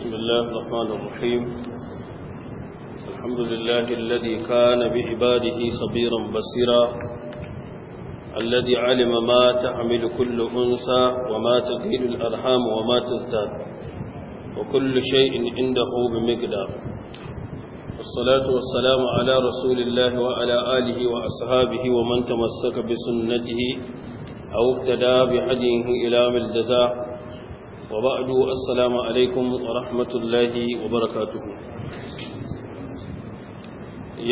بسم الله الرحمن الرحيم الحمد لله الذي كان بعباده خبيرا بصيرا الذي علم ما تعمل كل أنثى وما تغيل الأرحام وما تزداد وكل شيء عنده بمقدار والصلاة والسلام على رسول الله وعلى آله وأصحابه ومن تمسك بسنته أو اقتدى بهديه إلى ملجزاه وبعد السلام عليكم ورحمة الله وبركاته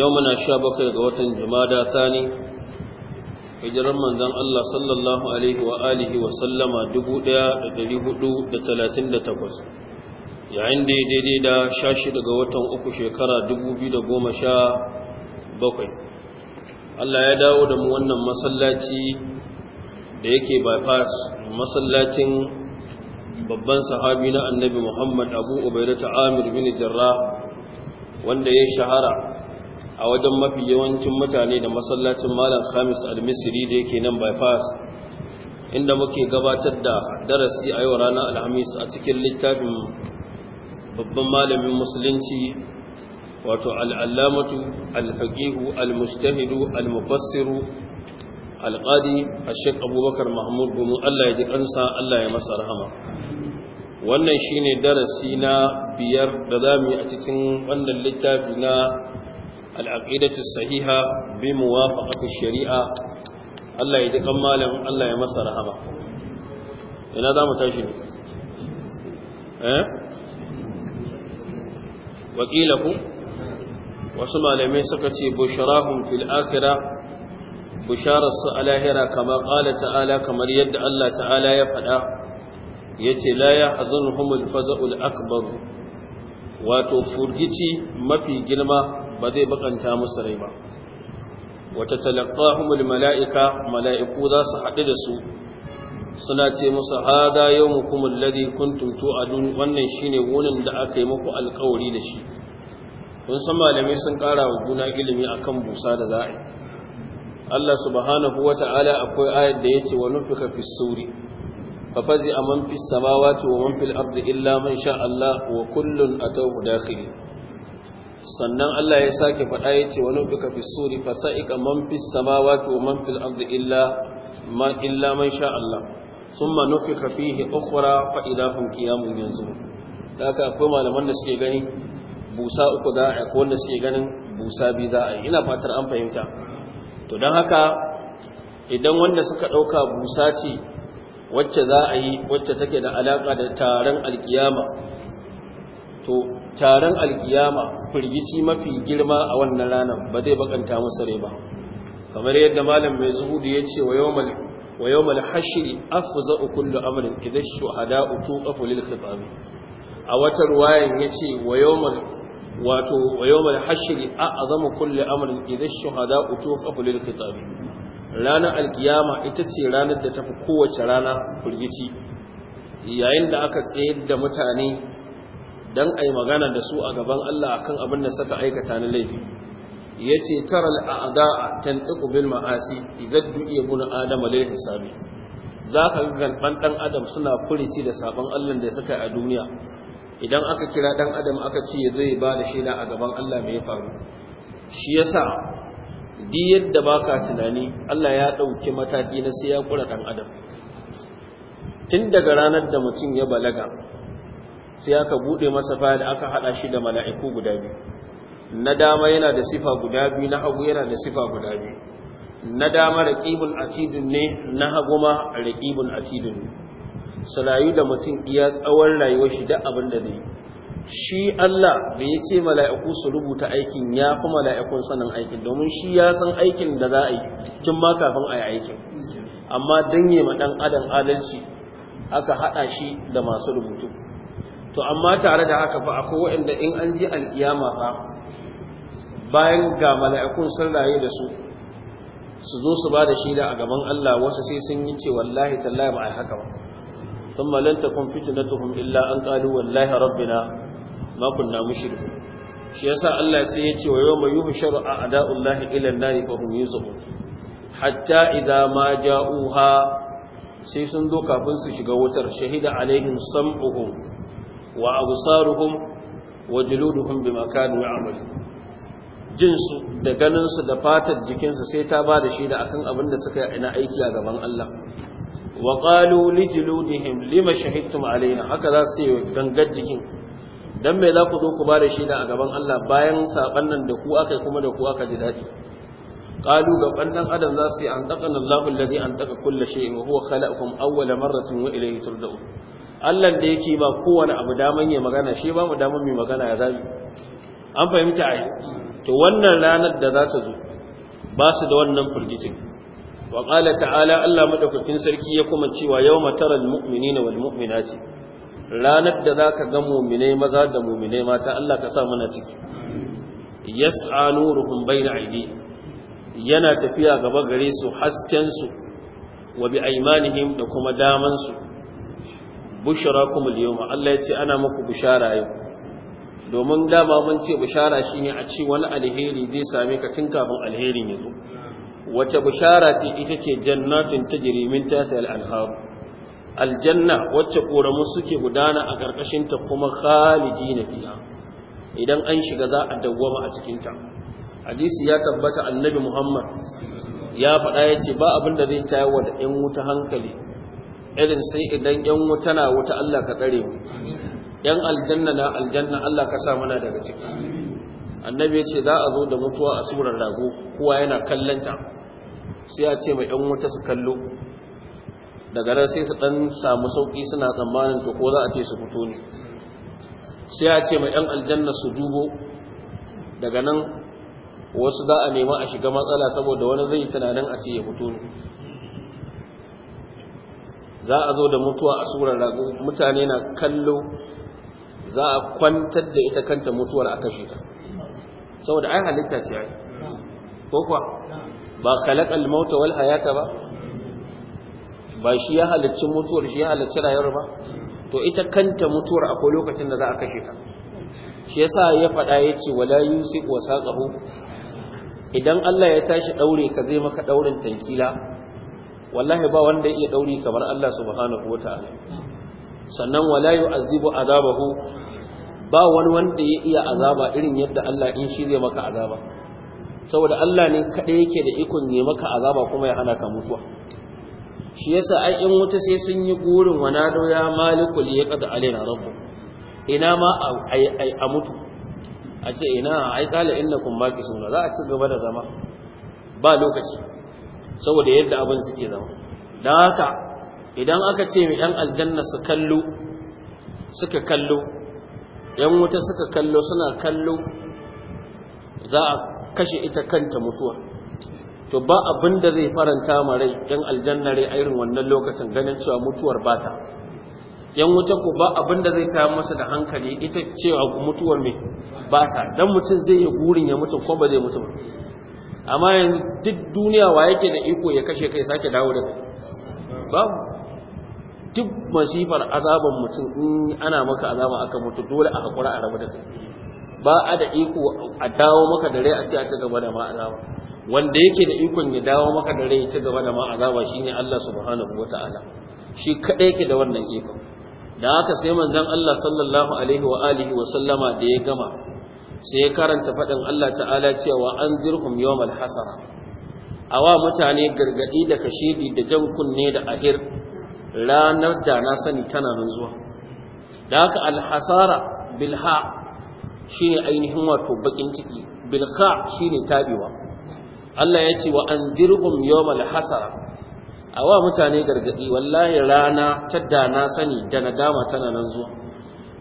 يومنا شابك قوة جمادى ثاني hijirar manzon Allah sallallahu alaihi wa alihi wa sallama 1438 yayin da daidai da 16 daga watan uku sha bakwai. Allah ya dawo da mu wannan masallaci da yake bypass masallacin babban sahabi na annabi muhammad abu ubaidata amir bin jarra wanda ya shahara a wajen mafi yawancin mutane da masallacin malam khamis al-misri da yake nan bypass inda muke gabatar da darasi a yau ranar alhamis a cikin littafin babban malamin musulunci wato al'allamatu al-faqihu al-mustahidu al-mufassiru alƙadi a shek abubakar mahmud gumu allah ya ji ƙansa allah ya masa rahama wannan shine darasi na biyar da za mu yi a cikin wannan littafi na al'aƙidatu sahiha bi muwafaƙatu shari'a allah ya ji ƙan malam allah ya masa rahama ina za mu tashi ne eh wakilaku wasu malamai suka ce bushrahum fil akhirah bisharar su a lahira kamar ƙala ta'ala kamar yadda Allah ta'ala ya faɗa ya ce la ya hazin humul faza'ul akbar wato furgici mafi girma ba zai bakanta musu rai ba wata talaƙa humul mala'ika mala'iku za su haɗu da su suna ce musu hada yau mukumin ladi a tu'adun wannan ne wunin da aka yi muku alkawari da shi kun san malamai sun ƙara wa juna ilimi akan busa da za'a Allah subhanahu wa ta'ala akwai ayar da ya ce wa nufika fi suri fa fazi a man fi samawati wa man fil ardi illa man sha Allah wa kullun a atawhu dakhili sannan Allah ya sake faɗa ya ce wa nufika fi suri fa sa'ika man fi samawati wa man fil ardi illa man illa man sha Allah thumma nufika fihi ukhra fa idahum qiyamun yanzu haka akwai malaman da suke ganin busa uku za a ko wanda suke ganin busa biyu za a yi ina fatar an fahimta to don haka idan wanda suka ɗauka busa ce wacce za a yi wacce take da alaƙa da taron alkiyama to taron alkiyama firgici mafi girma a wannan ranar ba zai bakanta musu rai ba kamar yadda malam mai zuhudu ya ce wa yau za a ukullu amurin idan shuhada utu ƙafu lil khitabi a wata ruwayan ya ce wa yau wato yawon hashiri a azama kulle amurin idan shahada uto lil khitabi ranar alkiyama ita ce ranar da tafi kowace rana firgici yayin da aka tsayar da mutane a yi magana da su a gaban Allah akan abin da suka aikata na laifi yace taral a'da'a tantiqu bil ma'asi idza du'iya Adama adam sami. Za ka ga ɓan ɗan adam suna furici da sabon Allah da suka a duniya idan aka kira ɗan adam aka ce ya zai ba da shaida a gaban Allah mai faru shi ya yasa di yadda ka tunani Allah ya ɗauki mataki na sai ya kura dan adam tun daga ranar da mutum ya balaga sai aka buɗe masa da aka haɗa shi da mala'iku guda biyu na dama yana da sifa guda biyu na hagu yana da sifa guda biyu na dama raqibul atidun ne na hagu ma raqibul atidun ne sanayi da mutum iya tsawon rayuwar shi da abin da zai shi Allah bai ce mala'iku su rubuta aikin ya fi mala'ikun sanin aikin domin shi ya san aikin da za a yi kin ma kafin a yi aikin amma danye ma dan adam adalci aka haɗa shi da masu rubutu to amma tare da haka fa akwai waɗanda in an ji alkiyama fa bayan ga mala'ikun sun raye da su su zo su ba da shaida a gaban Allah wasu sai sun yi ce wallahi tallahi ba a haka ba thumma lan takun fitnatuhum illa an qalu wallahi rabbina ma kunna mushrikun shi yasa Allah sai ya ce wa yawma A a'da'ullahi ila an-nari fa hum yuzabun hatta idza ma ja'uha sai sun zo kafin su shiga wutar shahida alaihim sam'uhum wa absaruhum wa juluduhum bima kanu ya'malun jinsu da ganinsu da fatar jikinsu sai ta ba da shi da akan abin da suka yi na aiki a gaban Allah wa qalu li juludihim lima shahidtum alaina haka za su yi gangar jikin dan me za ku zo ku ba da shaida a gaban Allah bayan saban nan da ku aka kuma da ku aka ji dadi qalu ga dan adam za su yi an taqana Allahu alladhi an taqa kulli shay'in wa huwa khalaqakum awwala marratin wa ilayhi turja'un Allah da yake ba kowane abu daman ya magana shi ba mu daman mai magana ya zabi an fahimta ai to wannan ranar da za ta zo ba su da wannan firgicin wa qala ta'ala Allah madaukakin sarki ya kuma cewa yawma taral mu'minina wal ce. ranar da zaka ga mu'minai maza da mu'minai mata Allah ka sa mana ciki yas'a nuruhum na aidi yana tafiya gaba gare su hasken su wa bi aymanihim da kuma daman su bushrakum al-yawma Allah ya ce ana muku bushara yau domin dama mun ce bishara shine a ce wani alheri zai same ka tun kafin alherin ya zo wace bishara ce ita ce jannatin ta jirimin ta al-anhar aljanna wacce ƙoramu suke gudana a ƙarƙashinta ta kuma khalidina fiya. idan an shiga za a dawwama a cikinta. hadisi ya tabbata annabi muhammad ya faɗa ya ce ba abin da zai tayar wa da ‘yan wuta hankali irin sai idan ‘yan wuta na wuta Allah ka tsare mu ‘yan aljanna na aljanna Allah ka sa mana daga ciki annabi ya ce za a zo da mutuwa a surar rago kuwa yana kallanta sai ya ce mai 'yan wuta su kallo daga ran sai su dan samu sauki suna tsammanin to ko za a ce su fito ne sai ya ce mai 'yan aljanna su dubo daga nan wasu za a nema a shiga matsala saboda wani zai tunanin a ce ya fito ne za a zo da mutuwa a surar rago mutane na kallo za a kwantar da ita kanta mutuwar a kashe ta saboda ai halitta ce ai ko kuwa ba khalaqal maut wal hayata ba ba shi ya halicci mutuwar shi ya halicci rayuwar ba to ita kanta mutuwar akwai lokacin da za a kashe ta shi yasa ya faɗa yace wala yusiq saqahu idan Allah ya tashi daure ka zai maka daurin tankila wallahi ba wanda ya daure kamar Allah subhanahu wataala sannan wala yu'azibu azabahu ba wani wanda ya iya azaba irin yadda Allah in shi zai maka azaba saboda Allah ne kada yake da ikon ya maka azaba kuma ya hana ka mutuwa shi yasa ai in wuta sai sun yi gurin wa nado ya maliku li yaqad alaina rabbu ina ma a mutu a ce ina ai qala innakum suna. za a ci gaba da zama ba lokaci saboda yadda abin suke zama dan haka idan aka ce mi yan aljanna su kallo suka kallo yan wuta suka kallo suna kallo za a kashe ita kanta mutuwa to ba abin da zai faranta ma rai yan aljanna rai a irin wannan lokacin ganin cewa mutuwar bata yan wuta ko ba abin da zai kawo masa da hankali ita cewa mutuwar mai bata dan mutum zai yi gurin ya mutu ko ba zai mutu ba amma yanzu duk duniya wa yake da iko ya kashe kai sake dawo da kai duk masifar azaban mutum in ana maka azaba aka mutu dole a haƙura a rabu da kai ba a da iko a dawo maka da rai a ce a ci gaba da ma azaba wanda yake da ikon ya dawo maka da rai ya ci gaba da ma azaba shine Allah subhanahu wataala shi kadai yake da wannan iko. da haka sai manzon Allah sallallahu alaihi wa alihi wa sallama da ya gama sai ya karanta fadin Allah ta'ala cewa anzirhum yawmal hasara awa mutane gargadi da kashidi da jan kunne da ahir ranar da na sani tana nan zuwa da haka alhasara bilha shine ainihin wato bakin ciki bilha shine tabiwa. Allah ya ce wa anzirhum yawmal hasara awa mutane gargadi wallahi rana ta da na sani da nadama tana nan zuwa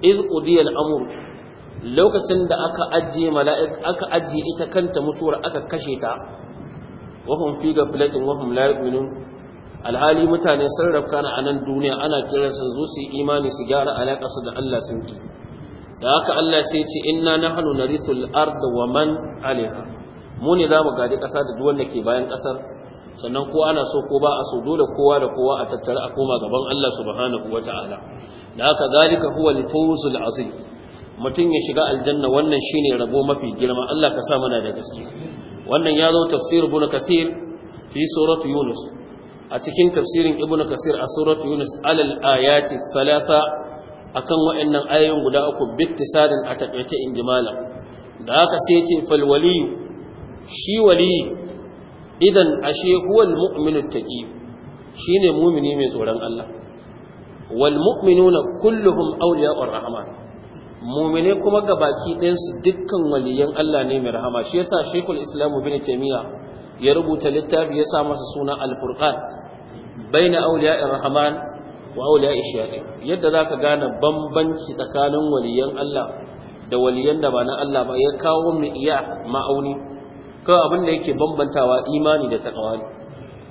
iz qudiya al-amr lokacin da aka ajiye mala'ik aka ajiye ita kanta mutuwar aka kashe ta hum fi gafilatin wahum la yu'minun alhali mutane sun rafkana a nan duniya ana kiransa zo su yi imani su gyara alaƙarsu da Allah sun ƙi da haka Allah sai ce inna nahnu narithul ard wa man alaiha mu ne zamu gadi ƙasa da duk wanda ke bayan ƙasar sannan ko ana so ko ba a so dole kowa da kowa a tattara a koma gaban Allah subhanahu ta'ala. da haka zalika huwa al-fawzul azim mutum ya shiga aljanna wannan shine rabo mafi girma Allah ka sa mana da gaske wannan ya zo tafsir ibn kathir fi suratu yunus a cikin tafsirin Ibn kasir a suratu yunus alal ayati salasa akan wa'annan ayoyin guda uku bittisadin a takaice in jimala da haka sai ce fal wali shi wali idan ashe huwal mu'minu taqi shine mu'mini mai tsoron Allah wal mu'minuna kulluhum awliya'ur rahman mu'mine kuma gabaki ɗayan su dukkan waliyan Allah ne mai rahama shi yasa shaykhul islam ibn miya? ya rubuta littafi ya sa masa suna na baina auliya'ir rahman wa auliya'ish shari'a yadda za ka gane bambanci tsakanin waliyan Allah da waliyan da ba na Allah ba ya kawo mu iya ma'auni kawai abin da yake bambantawa imani da takawa ne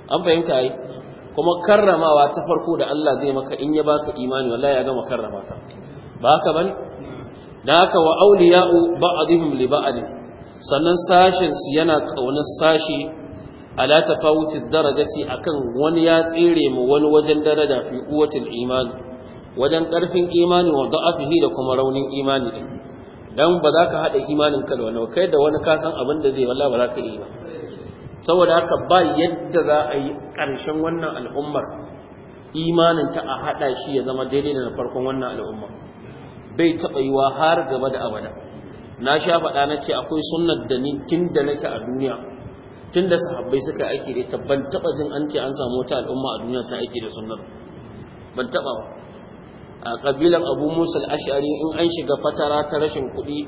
an fahimta yi, kuma karramawa ta farko da Allah zai maka in ya baka imani wallahi ya gama karramata. ba haka bane da haka wa auliya'u ba'dihim li ba'd sannan su yana ƙaunar sashi ala tafawutid darajati akan wani ya tsere mu wani wajen daraja fi quwwatil iman wajen karfin imani wa da'afihi da kuma raunin imani din dan ba za ka hada imanin ka da wani kai da wani kasan abin da zai wallahi ba za ka yi ba saboda haka ba yadda za a yi ƙarshen wannan al'ummar imanin ta a haɗa shi ya zama daidai da na farkon wannan al'umma bai taba yiwa har gaba da abada na sha faɗa na ce akwai sunnar da ni tun da nake a duniya tun da sahabbai suka aiki da ita ban taɓa jin an ce an samu wata al'umma a duniya ta aiki da sunnar ban taɓa ba a ƙabilan abu musul ashari in an shiga fatara ta rashin kuɗi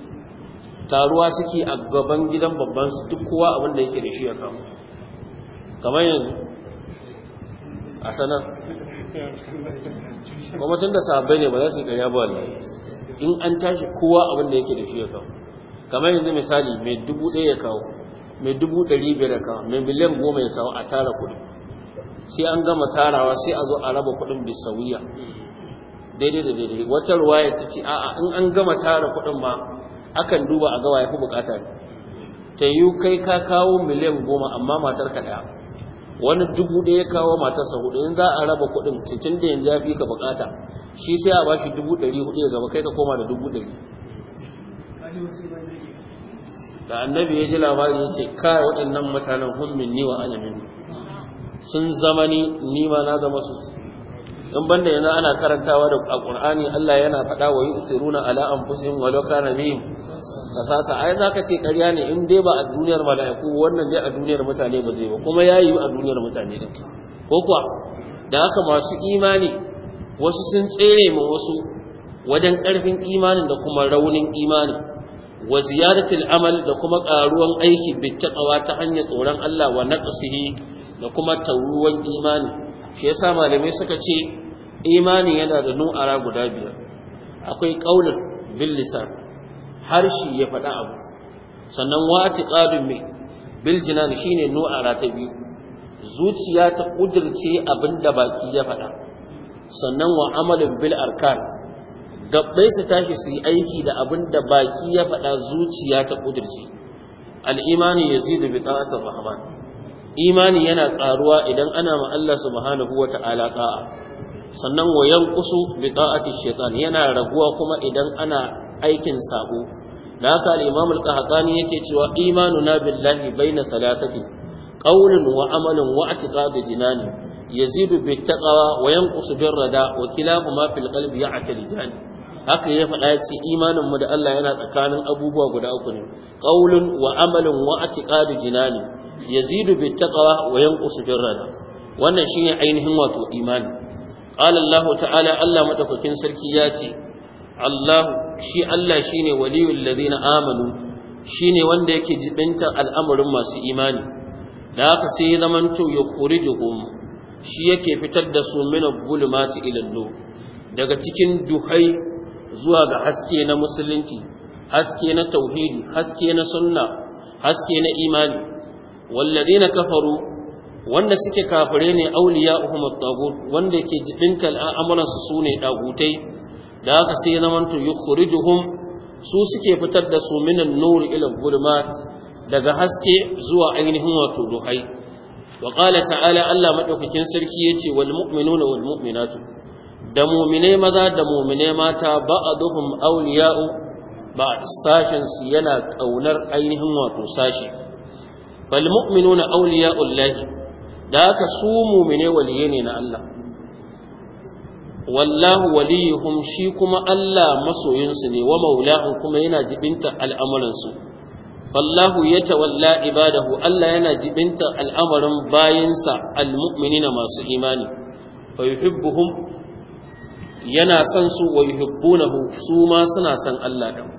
taruwa suke a gaban gidan babban su duk kowa abin da yake da shi ya kama kamar yanzu a sanar kuma tun da sahabbai ne ba za su yi ƙarya ba wallahi in an tashi kowa abin da yake da shi ya kawo kamar yanzu misali mai dubu ɗaya ya kawo mai dubu ɗari biyar ya kawo mai miliyan goma ya kawo a tara kuɗi sai an gama tarawa sai a zo a raba kuɗin bisawiya daidai da daidai wata ruwaya ta ce a'a in an gama tara kuɗin ma akan duba a gawa ya fi bukata ne ta yi kai ka kawo miliyan goma amma matar ka ɗaya wani dubu ɗaya kawo matarsa hudu in za a raba kuɗin cincin da yanzu ya fi ka bukata shi sai a bashi dubu ɗari hudu ya gaba kai ka koma da dubu ɗari da annabi ya ji labari ya ce kai waɗannan mutanen hunmin ni wa alamin sun zama ni ni ma na zama su in banda yanzu ana karantawa da Alƙur'ani, Allah yana faɗa wa yu'tiruna ala anfusihim walau kana bihim kasasa ai zaka ce ƙarya ne in dai ba a duniyar mala'iku wannan dai a duniyar mutane ba zai ba kuma yayi a duniyar mutane din ko kuwa da haka masu imani wasu sun tsere ma wasu wajen ƙarfin imanin da kuma raunin imani wa ziyadatul amal da kuma ƙaruwan aiki bittaqawa ta hanyar tsoron Allah wa naqsihi da kuma tawuwan imani shi yasa malamai suka ce imani yana da nu'ara guda biyar akwai qaulul bil lisan harshe ya faɗa abu sannan wace ƙadun mai biljinan shi ne nu'ara ta biyu zuciya ta ƙudurce abin da baki ya faɗa sannan wa amalin bil arkan gabbai su tashi su yi aiki da abinda baki ya faɗa zuciya ta ƙudurce al'imani ya zidu bi rahman imani yana ƙaruwa idan ana ma Allah subhanahu wa ta'ala ta'a sannan wa kusu bi ta'ati yana raguwa kuma idan ana aikin sabo da haka al-imam al-qahtani yake cewa Imanu na billahi na salatati Ƙaunin wa amalun wa i'tiqadu jinani yazidu bit taqwa wa yanqusu bin rada wa ma fil qalbi ya'talijan haka ya faɗa ya ce imanin mu da Allah yana tsakanin abubuwa guda uku ne Ƙaunin wa amalun wa i'tiqadu jinani yazidu bit taqwa wa yanqusu bin rada wannan shine ainihin wato imani qala Allah ta'ala Allah madaukakin sarki ya ce Allah shi Allah shine waliyul ladina amanu ne wanda yake jibinta al'amurin masu imani da haka sai ya zamanto ya khurijuhum shi yake fitar da su min al-zulumati daga cikin duhai zuwa ga haske na musulunci haske na tauhidi haske na sunna haske na imani walladina kafaru wanda suke kafare ne auliya uhum wanda yake jibinta al'amuransu sune dagutai da haka sai ya zama to yukhrijuhum su suke fitar da su minan nur ila gulma daga haske zuwa ainihin wato duhai wa qala ta'ala Allah madaukakin sarki yace wal mu'minuna wal mu'minatu da mu'mine maza da mu'mine mata ba'aduhum awliya'u ba'd sashin su yana kaunar ainihin wato sashi bal mu'minuna awliya'ullahi da haka su mu'mine waliye ne na Allah wallahu waliyuhum shi kuma Allah masoyinsu ne wa maulahu kuma yana jibinta al'amuransu wallahu ya tawalla ibadahu Allah yana jibinta al'amarin bayansa almu'minina masu imani wa yuhibbuhum yana son su wa yuhibbunahu su ma suna son Allah ɗan.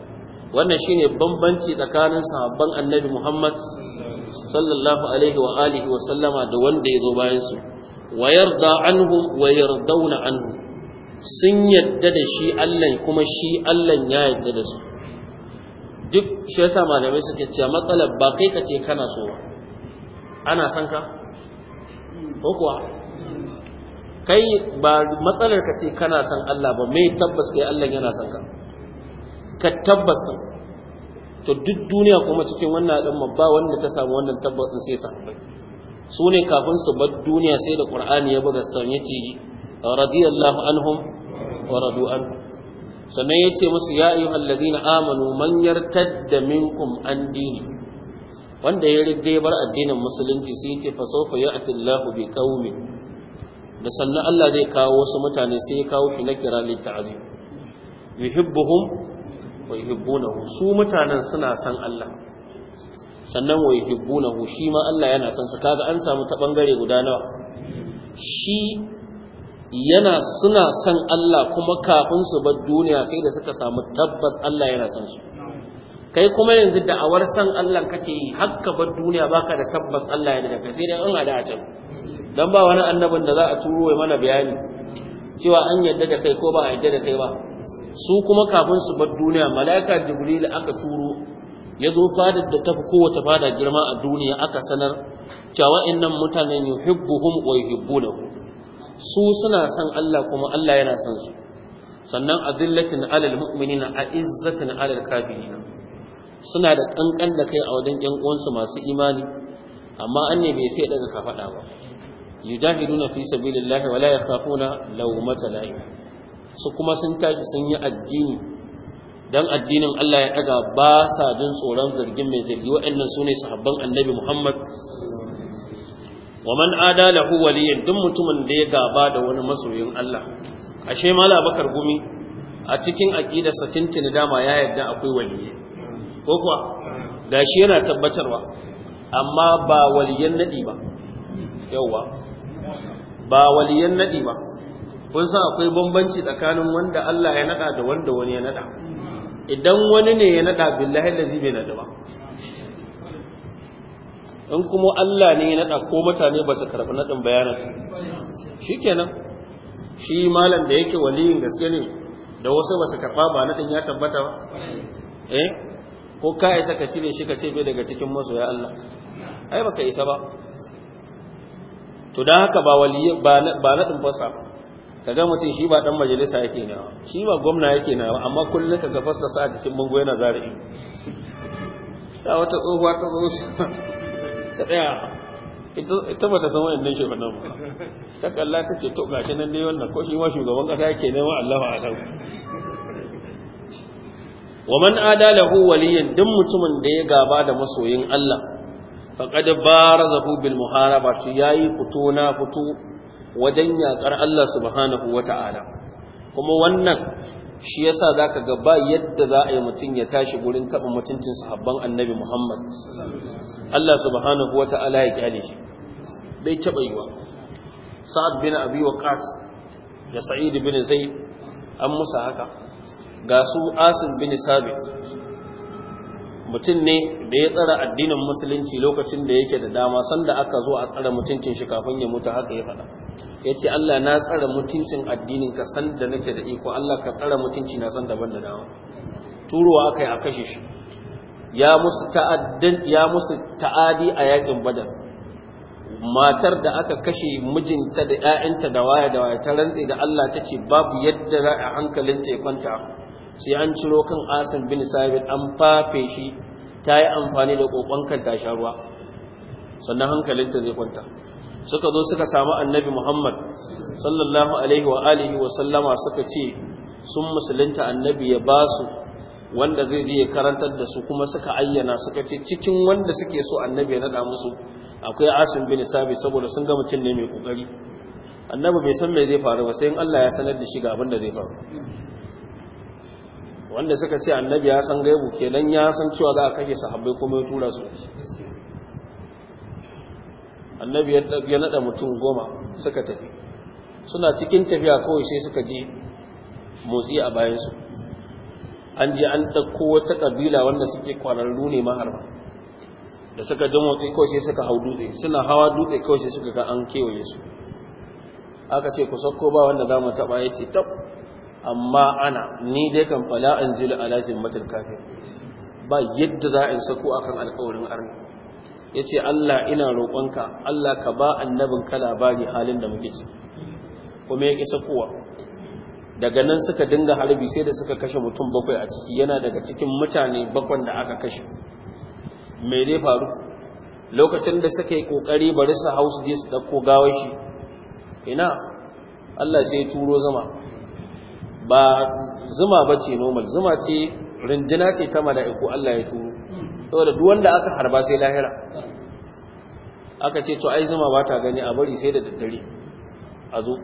wannan shine bambanci tsakanin sahabban annabi Muhammad sallallahu alaihi wa alihi wa sallama da wanda ya zo bayansu. wa yarda anhum wa yardawna anhum sun yadda da shi Allah kuma shi Allah ya yadda da su duk shi yasa malamai suke cewa matsalar ba kai ka ce kana so ba ana son ka ko kuwa kai ba matsalar ka ce kana son Allah ba mai tabbas kai Allah yana son ka ka tabbas din to duk duniya kuma cikin wannan al'umma ba wanda ta samu wannan tabbas din sai sa su ne kafin su bar duniya sai da Qur'ani ya buga ya yace radiyallahu anhum wa radu an sannan yace musu ya ayyuhal ladina amanu man yartadda minkum an dini wanda ya ridda ya bar addinin musulunci sai yace fa sawfa ya'ti Allahu bi qaumin da sannan Allah zai kawo wasu mutane sai ya kawo shi na kira lil ta'zim yuhibbuhum wa yuhibbunahu su mutanen suna san Allah sannan wa yuhibbunahu shi ma Allah yana son su kaga an samu ta bangare guda nawa shi yana suna son Allah kuma kafin su bar duniya sai da suka samu tabbas Allah yana son su kai kuma yanzu da awar san Allah kake yi hakka bar duniya baka da tabbas Allah yana da kai sai dai an hada a can dan ba wani annabin da za a turo ya mana bayani cewa an yarda da kai ko ba a yarda da kai ba su kuma kafin su bar duniya malaika jibril aka turo ya zo fadar da tafi kowace fada girma a duniya aka sanar cewa wa'annan mutanen yuhibbuhum wa yuhibbunahu su suna son Allah kuma Allah yana son su sannan azillatin alal mu'minina izzatin alal kafirina suna da kankan da kai a wajen ƴan uwansu masu imani amma an ne bai sai daga ka faɗa ba yujahiduna fi sabilillahi wala yakhafuna lawmata la'im su kuma sun tashi sun yi addini dan addinin Allah ya daga ba sa jin tsoron zargin mai zargi wa'annan sune sahabban Annabi Muhammad wa man ada lahu waliyan duk mutumin da ya gaba da wani masoyin Allah ashe mala bakar gumi a cikin aqida sa tintin dama ya yadda akwai waliyi ko kuwa gashi yana tabbatarwa amma ba waliyan nadi ba yawa ba waliyan nadi ba kun san akwai bambanci tsakanin wanda Allah ya nada da wanda wani ya nada idan wani ne ya nada billahi lazi bai nada ba in kuma Allah ne ya naɗa ko mutane ba su karɓi naɗin bayanin shi kenan shi malam da yake waliyin gaske ne da wasu ba su karɓa ba naɗin ya tabbata ba eh ko ka isa ka cire shi ka ce bai daga cikin masoya Allah ai baka isa ba to don haka ba wali ba naɗin fasa ka ga mutum shi ba ɗan majalisa yake nawa shi ba gwamna yake nawa amma kullum ka ga fasa sa a cikin bango yana zari'i ta wata tsohuwa ta zo ka tsaya ita ba ta san wayannan shugaban ba ta kalla ta ce to gashi nan dai wannan ko shi ma shugaban kasa yake nema Allahu a'lam wa man adalahu waliyyan duk mutumin da ya gaba da masoyin Allah faqad barazahu bil muharaba to yayi fito na fito wajen yakar Allah subhanahu wata'ala kuma wannan shi yasa zaka ga ba yadda za a yi mutum ya tashi gurin taba mutuncin sahabban annabi Muhammad Allah subhanahu ta'ala ya kyale shi bai taɓa yiwa Sa'ad bin Abi Waqqas da Sa'id bin Zaid an musa haka ga su Asim bin Sabit mutum ne da ya tsara addinin musulunci lokacin da yake da dama sanda aka zo a tsara mutuncin shi kafin ya mutu haka ya faɗa ya ce Allah na tsara mutuncin addinin ka san nake da iko Allah ka tsara mutunci na san daban da dawa turuwa aka yi a kashe shi ya musu ta'adi a yakin badar matar da aka kashe mijinta da 'ya'yanta da waya da waya ta rantse da Allah ta ce babu yadda za a hankalinta ya kwanta sai an ciro kan asin bin sabit an fafe shi ta yi amfani da kokon sha ruwa, sannan hankalinta zai kwanta suka zo suka samu annabi Muhammad sallallahu alaihi wa alihi wa sallama suka ce sun musulunta annabi ya ba su wanda zai je ya karantar da su kuma suka ayyana suka ce cikin wanda suke so annabi ya nada musu akwai asim bin sabi saboda sun ga mutum ne mai kokari annabi bai san me zai faru ba sai in Allah ya sanar da shi ga abin da zai faru wanda suka ce annabi ya san gaibu kenan ya san cewa za a kashe sahabbai kuma ya tura su annabi ya nada mutum goma suka tafi suna cikin tafiya kawai sai suka ji motsi a bayansu an ji an ɗauko wata kabila wanda suke kwararru ne maharba da suka ji motsi kawai sai suka hau dutse suna hawa dutse kawai sai suka ga an kewaye su aka ce ku sauko ba wanda za mu taɓa ya ce tab amma ana ni dai kan fala an a alazin matul kafin ba yadda za in sako akan alƙawarin arni ya ce Allah ina roƙonka Allah ka ba annabin ka labari halin da muke ci. kuma ya isa kowa daga nan suka dinga harbi sai da suka kashe mutum bakwai a ciki yana daga cikin mutane bakwan da aka kashe mai dai faru lokacin da suka yi kokari bari su hau su je su ɗauko gawar shi ina Allah sai turo zama ba zuma ba ce normal zuma ce rindina ce ta mala'iku Allah ya turo saboda duk wanda aka harba sai lahira aka ce to ai zuma ba ta gani a bari sai da daddare a zo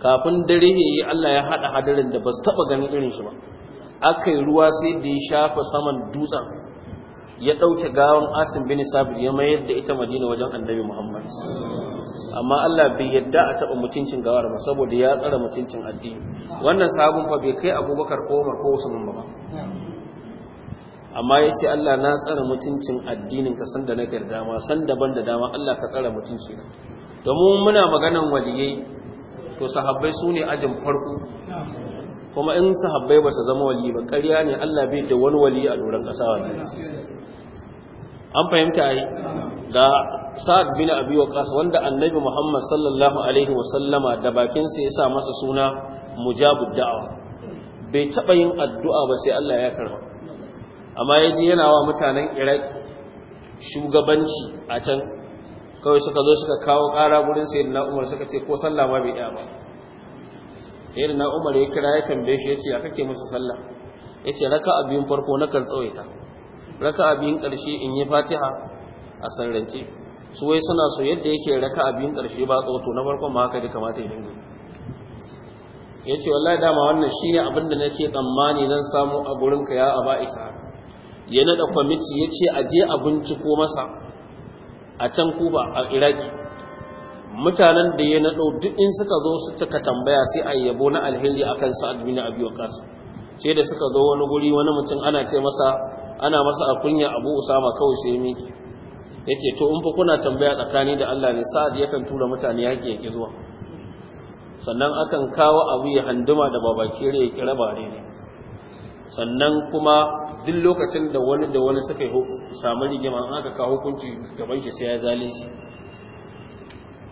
kafin dare ne Allah ya haɗa hadarin da ba su taba ganin irin shi ba aka yi ruwa sai da ya shafa saman dutsen ya ɗauke gawan asin bin Sabir ya mayar da ita Madina wajen Annabi Muhammad amma Allah bai yadda a taba mutuncin gawar ba saboda ya tsara mutuncin addini wannan sabon fa bai kai Abubakar ko wasu ko Usman ba amma ya ce Allah na tsara mutuncin addinin ka sanda na garda dama, san daban da dama Allah ka tsara mutunci domin muna maganan waliyai to sahabbai su ne ajin farko kuma in sahabbai ba su zama wali ba ƙarya ne Allah bai da wani wali a doron ƙasa wani an fahimta yi da sa'ad bin abi waqas wanda annabi Muhammad sallallahu alaihi wasallama da bakin sa ya sa masa suna mujabud da'awa bai taba yin addu'a ba sai Allah ya karba amma ya ji yana wa mutanen iraq shugabanci a can kawai suka zo suka kawo ƙara gurin sai na umar suka ce ko sallah ma bai iya ba sai na umar ya kira ya tambaye shi ya ce a kake musu sallah ya ce raka abin farko na kan tsawaita raka abin karshe ƙarshe in yi fatiha a sarrance su wai suna so yadda yake raka abin karshe ƙarshe ba tsoto na farkon ma haka da kamata ya dinga ya ce wallahi dama wannan shi ne abin da nake tsammani zan samu a gurinka ya aba isa ya nada kwamiti ya ce a je a binciko masa a can kuba a iraki mutanen da ya nado duk in suka zo su taka tambaya sai a yabo na alheri akan sa'ad bin abi waqas sai da suka zo wani guri wani mutum ana ce masa ana masa akunya abu usama kawai sai miki yace to in fa kuna tambaya tsakani da Allah ne sa'ad yakan tura mutane yake yake zuwa sannan akan kawo abu ya handuma da babakire ya kira bare ne sannan kuma duk lokacin da wani da wani suka yi samun rigima an aka kawo hukunci gaban shi sai ya zale shi.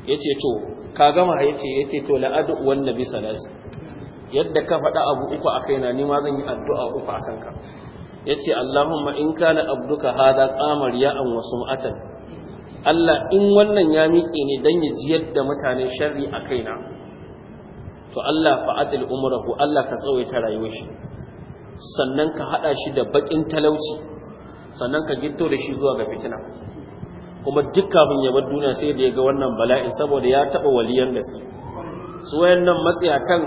Ya ce to ka gama Ya ce to la'adu wani na nabi salasi yadda ka faɗa abu uku a kaina ni ma zan yi addu'a uku a kanka Ya ce allahumma in kana abduka hada ya ya'an wasu ma'atan Allah in wannan ya miƙe ne don ya jiyar da mutane sharri a kaina to Allah fa'atil umrahu Allah ka tsawaita rayuwa shi sannan ka hada shi da bakin talauci sannan ka gitto da shi zuwa ga fitina kuma duk kafin ya bar duniya sai da ya ga wannan bala'in saboda ya taba waliyan da su wayannan matsiyakan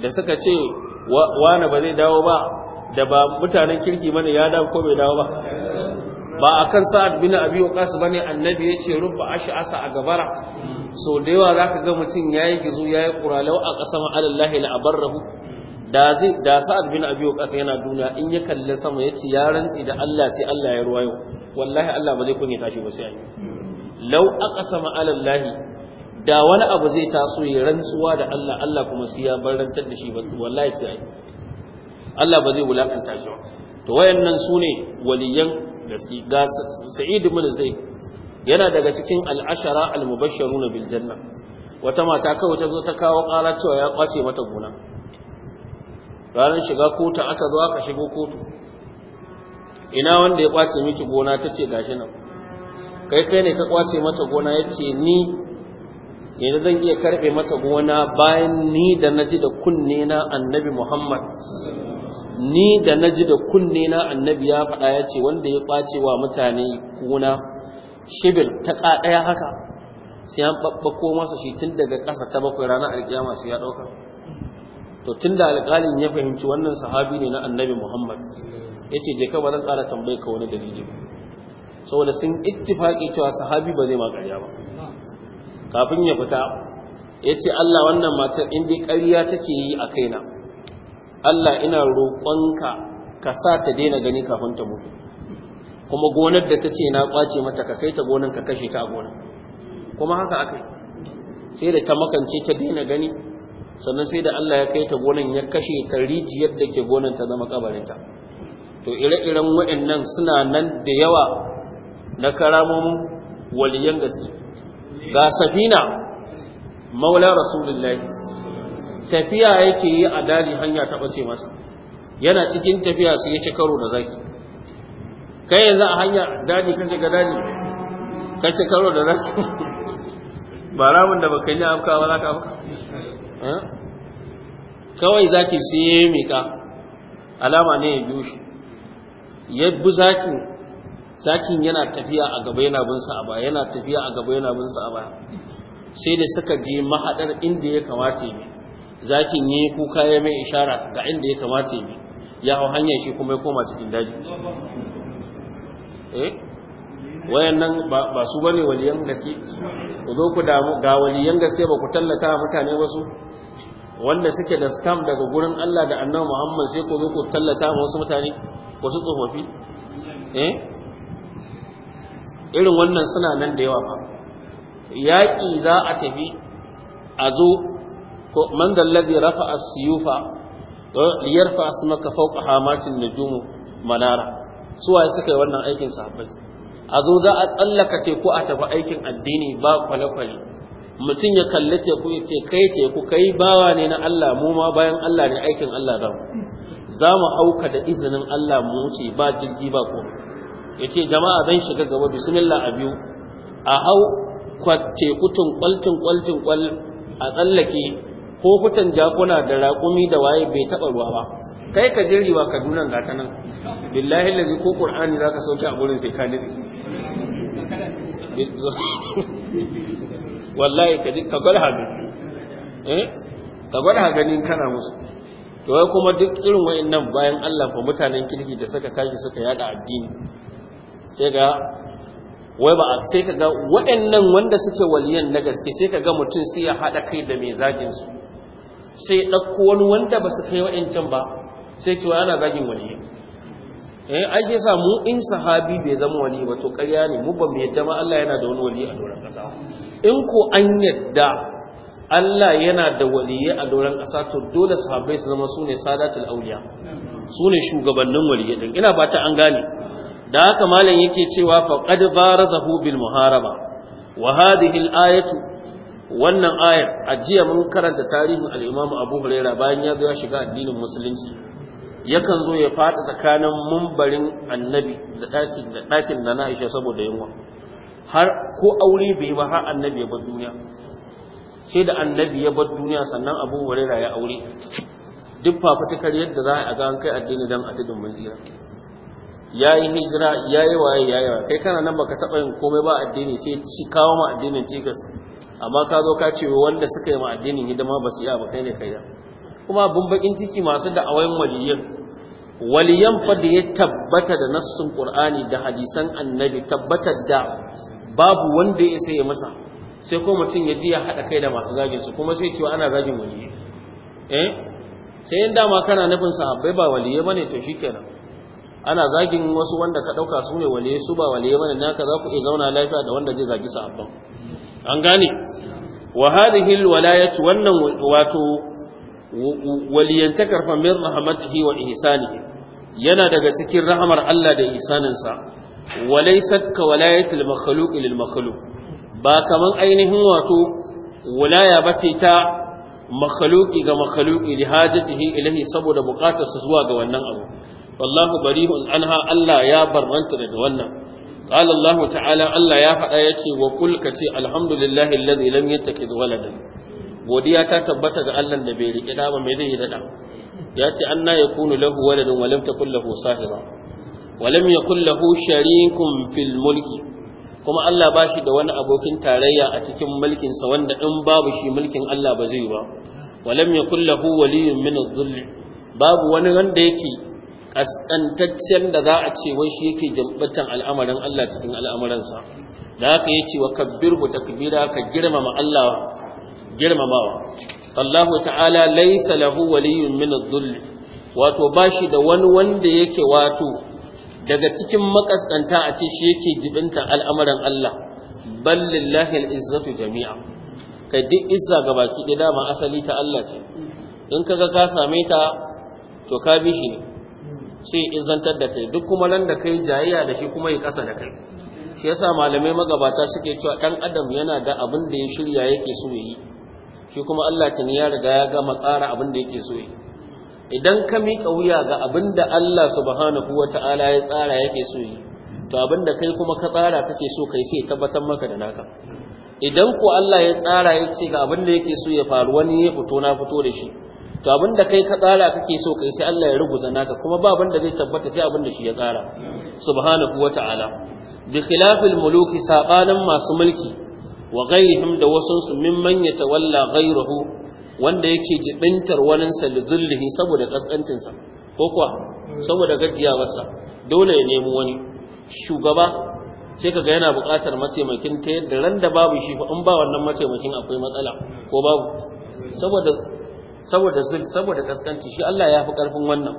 da suka ce wani ba zai dawo ba da ba mutanen kirki bane ya dawo ko bai dawo ba ba a kan sa'ad bin abi waqas bane annabi ya ce rubba ashi asa a gabara so da yawa zaka ga mutum yayi gizo ya yi kuralau a qasama alallahi la abarrahu da zai da sa'ad bin abiyo waqas yana duniya in ya kalli sama ya ci, ya rantsi da Allah sai Allah ya ruwayo wallahi Allah ba zai kunye tashi ba sai an Lau aka sama alallahi, da wani abu zai taso ya rantsuwa da Allah Allah kuma sai ya barantar da shi ba, wallahi sai an Allah ba zai wulakanta shi ba to wayannan sune waliyan gaski ga sa'id bin zai yana daga cikin al'ashara al-mubashsharuna bil janna wata mata kawai ta zo ta kawo ƙara cewa ya kwace mata gona ranar shiga kotu aka zo ka shigo kotu ina wanda ya kwace miki gona ta ce gashi nan kai kai ne ka kwace mata gona ya ce ni yanzu zan iya karɓe mata gona bayan ni da na ji da kunne na annabi muhammad ni da na ji da kunne na annabi ya faɗa ya ce wanda ya kwace wa mutane gona shibir ta ɗaya haka sai an ɓaɓɓako masa shi tun daga ƙasa ta bakwai ranar alƙiyama su ya ɗauka to da alƙalin ya fahimci wannan sahabi ne na annabi muhammad ya ce je kaba zan ƙara tambayi ka wani dalili ba saboda sun ittifaƙi cewa sahabi ba zai ma ba kafin ya fita ya ce allah wannan matar in dai ƙarya take yi a kaina allah ina roƙonka ka sa ta daina gani kafin ta mutu kuma gonar da ta ce na ƙwace mata ka kai ta gonar ka kashe ta a gonar kuma haka aka yi sai da ta makance ta daina gani sannan sai da Allah ya kai ta gonan ya kashe ta rijiyar da ke gonan ta zama kabarinta to ire-iren waɗannan suna nan da yawa na karamomin waliyan gaske ga safina maula rasulullahi tafiya yake yi a dali hanya ta bace masa yana cikin tafiya sai ya ci karo da zaki kai yanzu a hanya dali kashe ga dali kashe karo da zaki ba ramin da baka yi afka ba za ka afka kawai zaki sai ya yi miƙa alama ne ya biyu shi ya bi zakin zakin yana tafiya a gaba yana bin sa'aba yana tafiya a gaba yana bin sa'aba sai da suka je mahaɗar inda ya kamata ne zakin yi kuka ya mai ishara ga inda ya kamata ne ya hau hanyar shi kuma ya koma cikin daji eh? wayannan ba su bane waliyan gaske ku zo ku damu ga waliyan gaske ba ku tallata mutane ba su wanda suke da scam daga gurin Allah da Annabi Muhammad sai ku zo ku tallata ma wasu mutane wasu tsofaffi eh irin wannan suna nan da yawa fa yaƙi za a tafi a zo ko man dalladhi rafa as-siyufa liyarfa asmaka fawqa hamatin najum manara suwaye suka yi wannan aikin sahabbai a zo za a tsallaka teku a tafi aikin addini ba kwale-kwale mutum ya kalli teku ya ce kai teku kai bawa ne na Allah mu ma bayan Allah ne aikin Allah za mu za mu hauka da izinin Allah mu ce ba jirgi ba ko ya ce jama'a zan shiga gaba bismillah a biyu a hau teku tunkwalcin kwalcin kwal a tsallake ko hutun jakuna da raƙumi da waye bai taɓa ruwa ba kai ka je riwa kaduna ga ta nan billahi lazi ko qur'ani zaka sauke a gurin sai ka nitsi wallahi ka ka gwada hagan eh ka gwada kana musu to wai kuma duk irin wayannan bayan Allah fa mutanen kirki da saka kashi suka yada addini sai ga wai ba sai ka ga wayannan wanda suke waliyan na gaske sai ka ga mutum sai ya hada kai da mai zagin su sai ɗauko wani wanda ba su kai wa'ancan ba sai cewa yana zagin waliyi eh ai ke mu in sahabi bai zama wali ba to karya ne mu ba mu yadda ma Allah yana da wani wali a doron ƙasa in ko an yadda Allah yana da wali a doron ƙasa to dole sahabbai su zama sune sadatul auliya sune shugabannin waliya. din ina ba ta an gane da haka malam yake cewa faqad barazahu bil muharaba wa hadhihi al ayatu wannan ayar ajiya mun karanta tarihin al-imam Abu Hurairah bayan ya zo ya shiga addinin musulunci yakan zo ya faɗi tsakanin mumbarin annabi da ɗakin da na ishe saboda yunwa har ko aure bai ba har annabi ya bar duniya sai da annabi ya bar duniya sannan abu warera ya aure duk fafutukar yadda za a ga an kai addini don a tudun mun tsira ya yi hijira ya yi waye ya yi kai kana nan baka taɓa yin komai ba addini sai ci kawo ma addinin cikas amma ka zo ka ce wanda suka yi ma addinin hidima ba su yi ba kai ne kai ya kuma abin bakin ciki masu da awayin waliyan waliyan fa da ya tabbata da nassun qur'ani da hadisan annabi tabbatar da babu wanda ya sai masa sai ko mutum ya ji ya hada kai da masu zagin su kuma sai cewa ana zagin waliyi eh sai in dama kana nufin sahabbai ba waliyi bane to shikenan ana zagin wasu wanda ka dauka su ne waliyi su ba waliyi bane naka za ku iya zauna lafiya da wanda zai zagi sahabban an gane wa hadhihi alwalayatu wannan wato waliyantakar fa min rahmatihi wa ihsanihi yana daga cikin rahamar Allah da ihsaninsa walaysat ka walayatul makhluq lil makhluq ba kaman ainihin wato walaya bace ta makhluqi ga makhluqi li hajatihi ilahi saboda bukatarsa zuwa ga wannan abu wallahu barihun anha Allah ya barranta daga wannan قال الله تعالى الله يا فدا yace wa kul kace alhamdulillahi alladhi lam yattakhidh waladan godiya ta tabbata ga Allah da bai riƙe da ba mai zai yi daɗa. ya ce anna yakunu lahu waladun wa lam takul lahu sahiba wa lam yakul sharikun fil mulki kuma Allah ba shi da wani abokin tarayya a cikin mulkin sa wanda in babu shi mulkin Allah ba zai ba walam ya yakul lahu waliyyun min adh-dhull babu wani wanda yake kaskantaccen da za a ce wai shi yake jambatan al'amarin Allah cikin al'amuransa da haka yace wa kabbirhu takbira ka girmama Allah girmamawa Allah ta'ala laisa lahu waliyyun min adh-dhull wato bashi da wani wanda yake wato daga cikin makaskanta a ce shi yake jibinta al'amuran Allah bal lillahi al-izzatu jami'a kai duk izza gabaki da dama asali ta Allah ce in kaga ka same ta to ka bi shi sai izantar da kai duk kuma nan da kai jayayya da shi kuma ya kasa da kai shi yasa malamai magabata suke cewa dan adam yana da abin da ya shirya yake so yi shi kuma Allah ta ya riga ya gama tsara abin da yake so idan ka miƙa wuya ga abin da Allah subhanahu ta'ala ya tsara yake so yi to abin da kai kuma ka tsara kake so kai sai tabbatar maka da naka idan ko Allah ya tsara ya ce ga abin da yake so ya faru wani ya fito na fito da shi to abin da kai ka tsara kake so kai sai Allah ya ruguza naka kuma ba abin da zai tabbata sai abin da shi ya tsara subhanahu ta'ala bi khilafil muluki sabanin masu mulki wa ghairihim da wasunsu mimman yatawalla ghairuhu wanda yake jibintar wani sa lidhillihi saboda kaskancin sa ko kuwa saboda gajiya wasa dole ya nemi wani shugaba sai kaga yana buƙatar mataimakin ta yadda ran da babu shi fa in ba wannan mataimakin akwai matsala ko babu saboda saboda zul saboda kaskanci shi Allah ya fi karfin wannan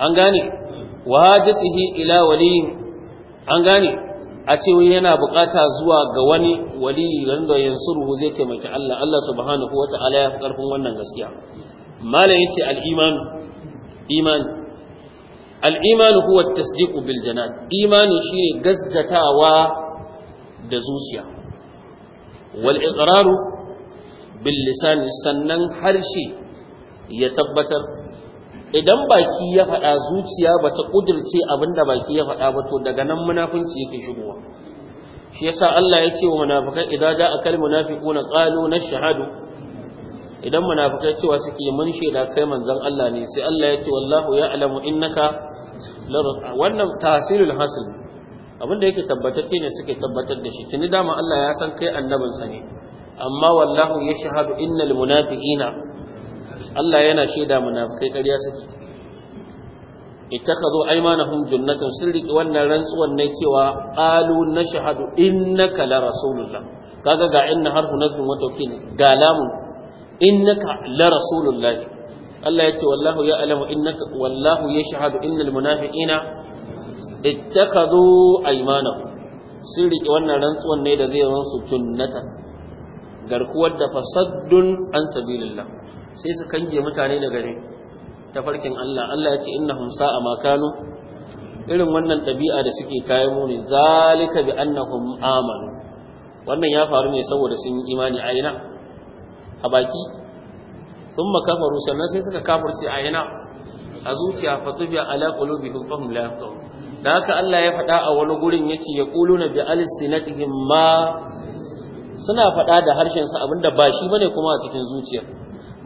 an gane wa hajatihi ila waliyin an gane a ce yana bukata zuwa ga wani wali wanda yansuruhu zai taimaki Allah Allah subhanahu wata'ala ya fi karfin wannan gaskiya malam yace al-iman iman al-iman huwa at-tasdiq bil janan imani shine gaskatawa da zuciya wal iqraru bil lisan sannan harshe ya tabbatar idan baki ya faɗa zuciya ba ta ƙudurce abinda baki ya faɗa ba to daga nan munafunci yake shigowa shi yasa Allah ya ce wa munafikai idan da akal ƙalo na shahadu? idan munafikai cewa suke mun shaida kai manzon Allah ne sai Allah ya ce wallahu ya'lamu innaka wannan tahsilul hasil abinda yake tabbatacce ne suke tabbatar da shi tuni dama Allah ya san kai annabinsa ne amma wallahu shahadu innal munafiqina Allah yana shaida munafikai ƙarya suke ittakhadhu aymanahum junnatan sun riki wannan rantsuwan ne cewa qalu nashhadu innaka la rasulullah kaga ga inna harfu nasbin wa tawkid ga lamun innaka la rasulullah Allah ya ce wallahu ya'lamu innaka wallahu yashhadu innal munafiqina ittakhadhu aymanahum sun riki wannan rantsuwan ne da zai zan su junnatan garkuwar da fasaddun an sabilillah sai su kange mutane da gare farkin Allah Allah ya ce innahum sa'a ma kanu irin wannan ɗabi'a da suke kayan muni zalika bi annahum amanu wannan ya faru ne saboda sun yi imani a ina a baki sun makafaru sannan sai suka kafirce a ina a zuciya fatubiya ala qulubihim fahum la yaqul da haka Allah ya faɗa a wani gurin yace yaquluna bi alsinatihim ma suna faɗa da harshen su abinda ba shi bane kuma a cikin zuciyar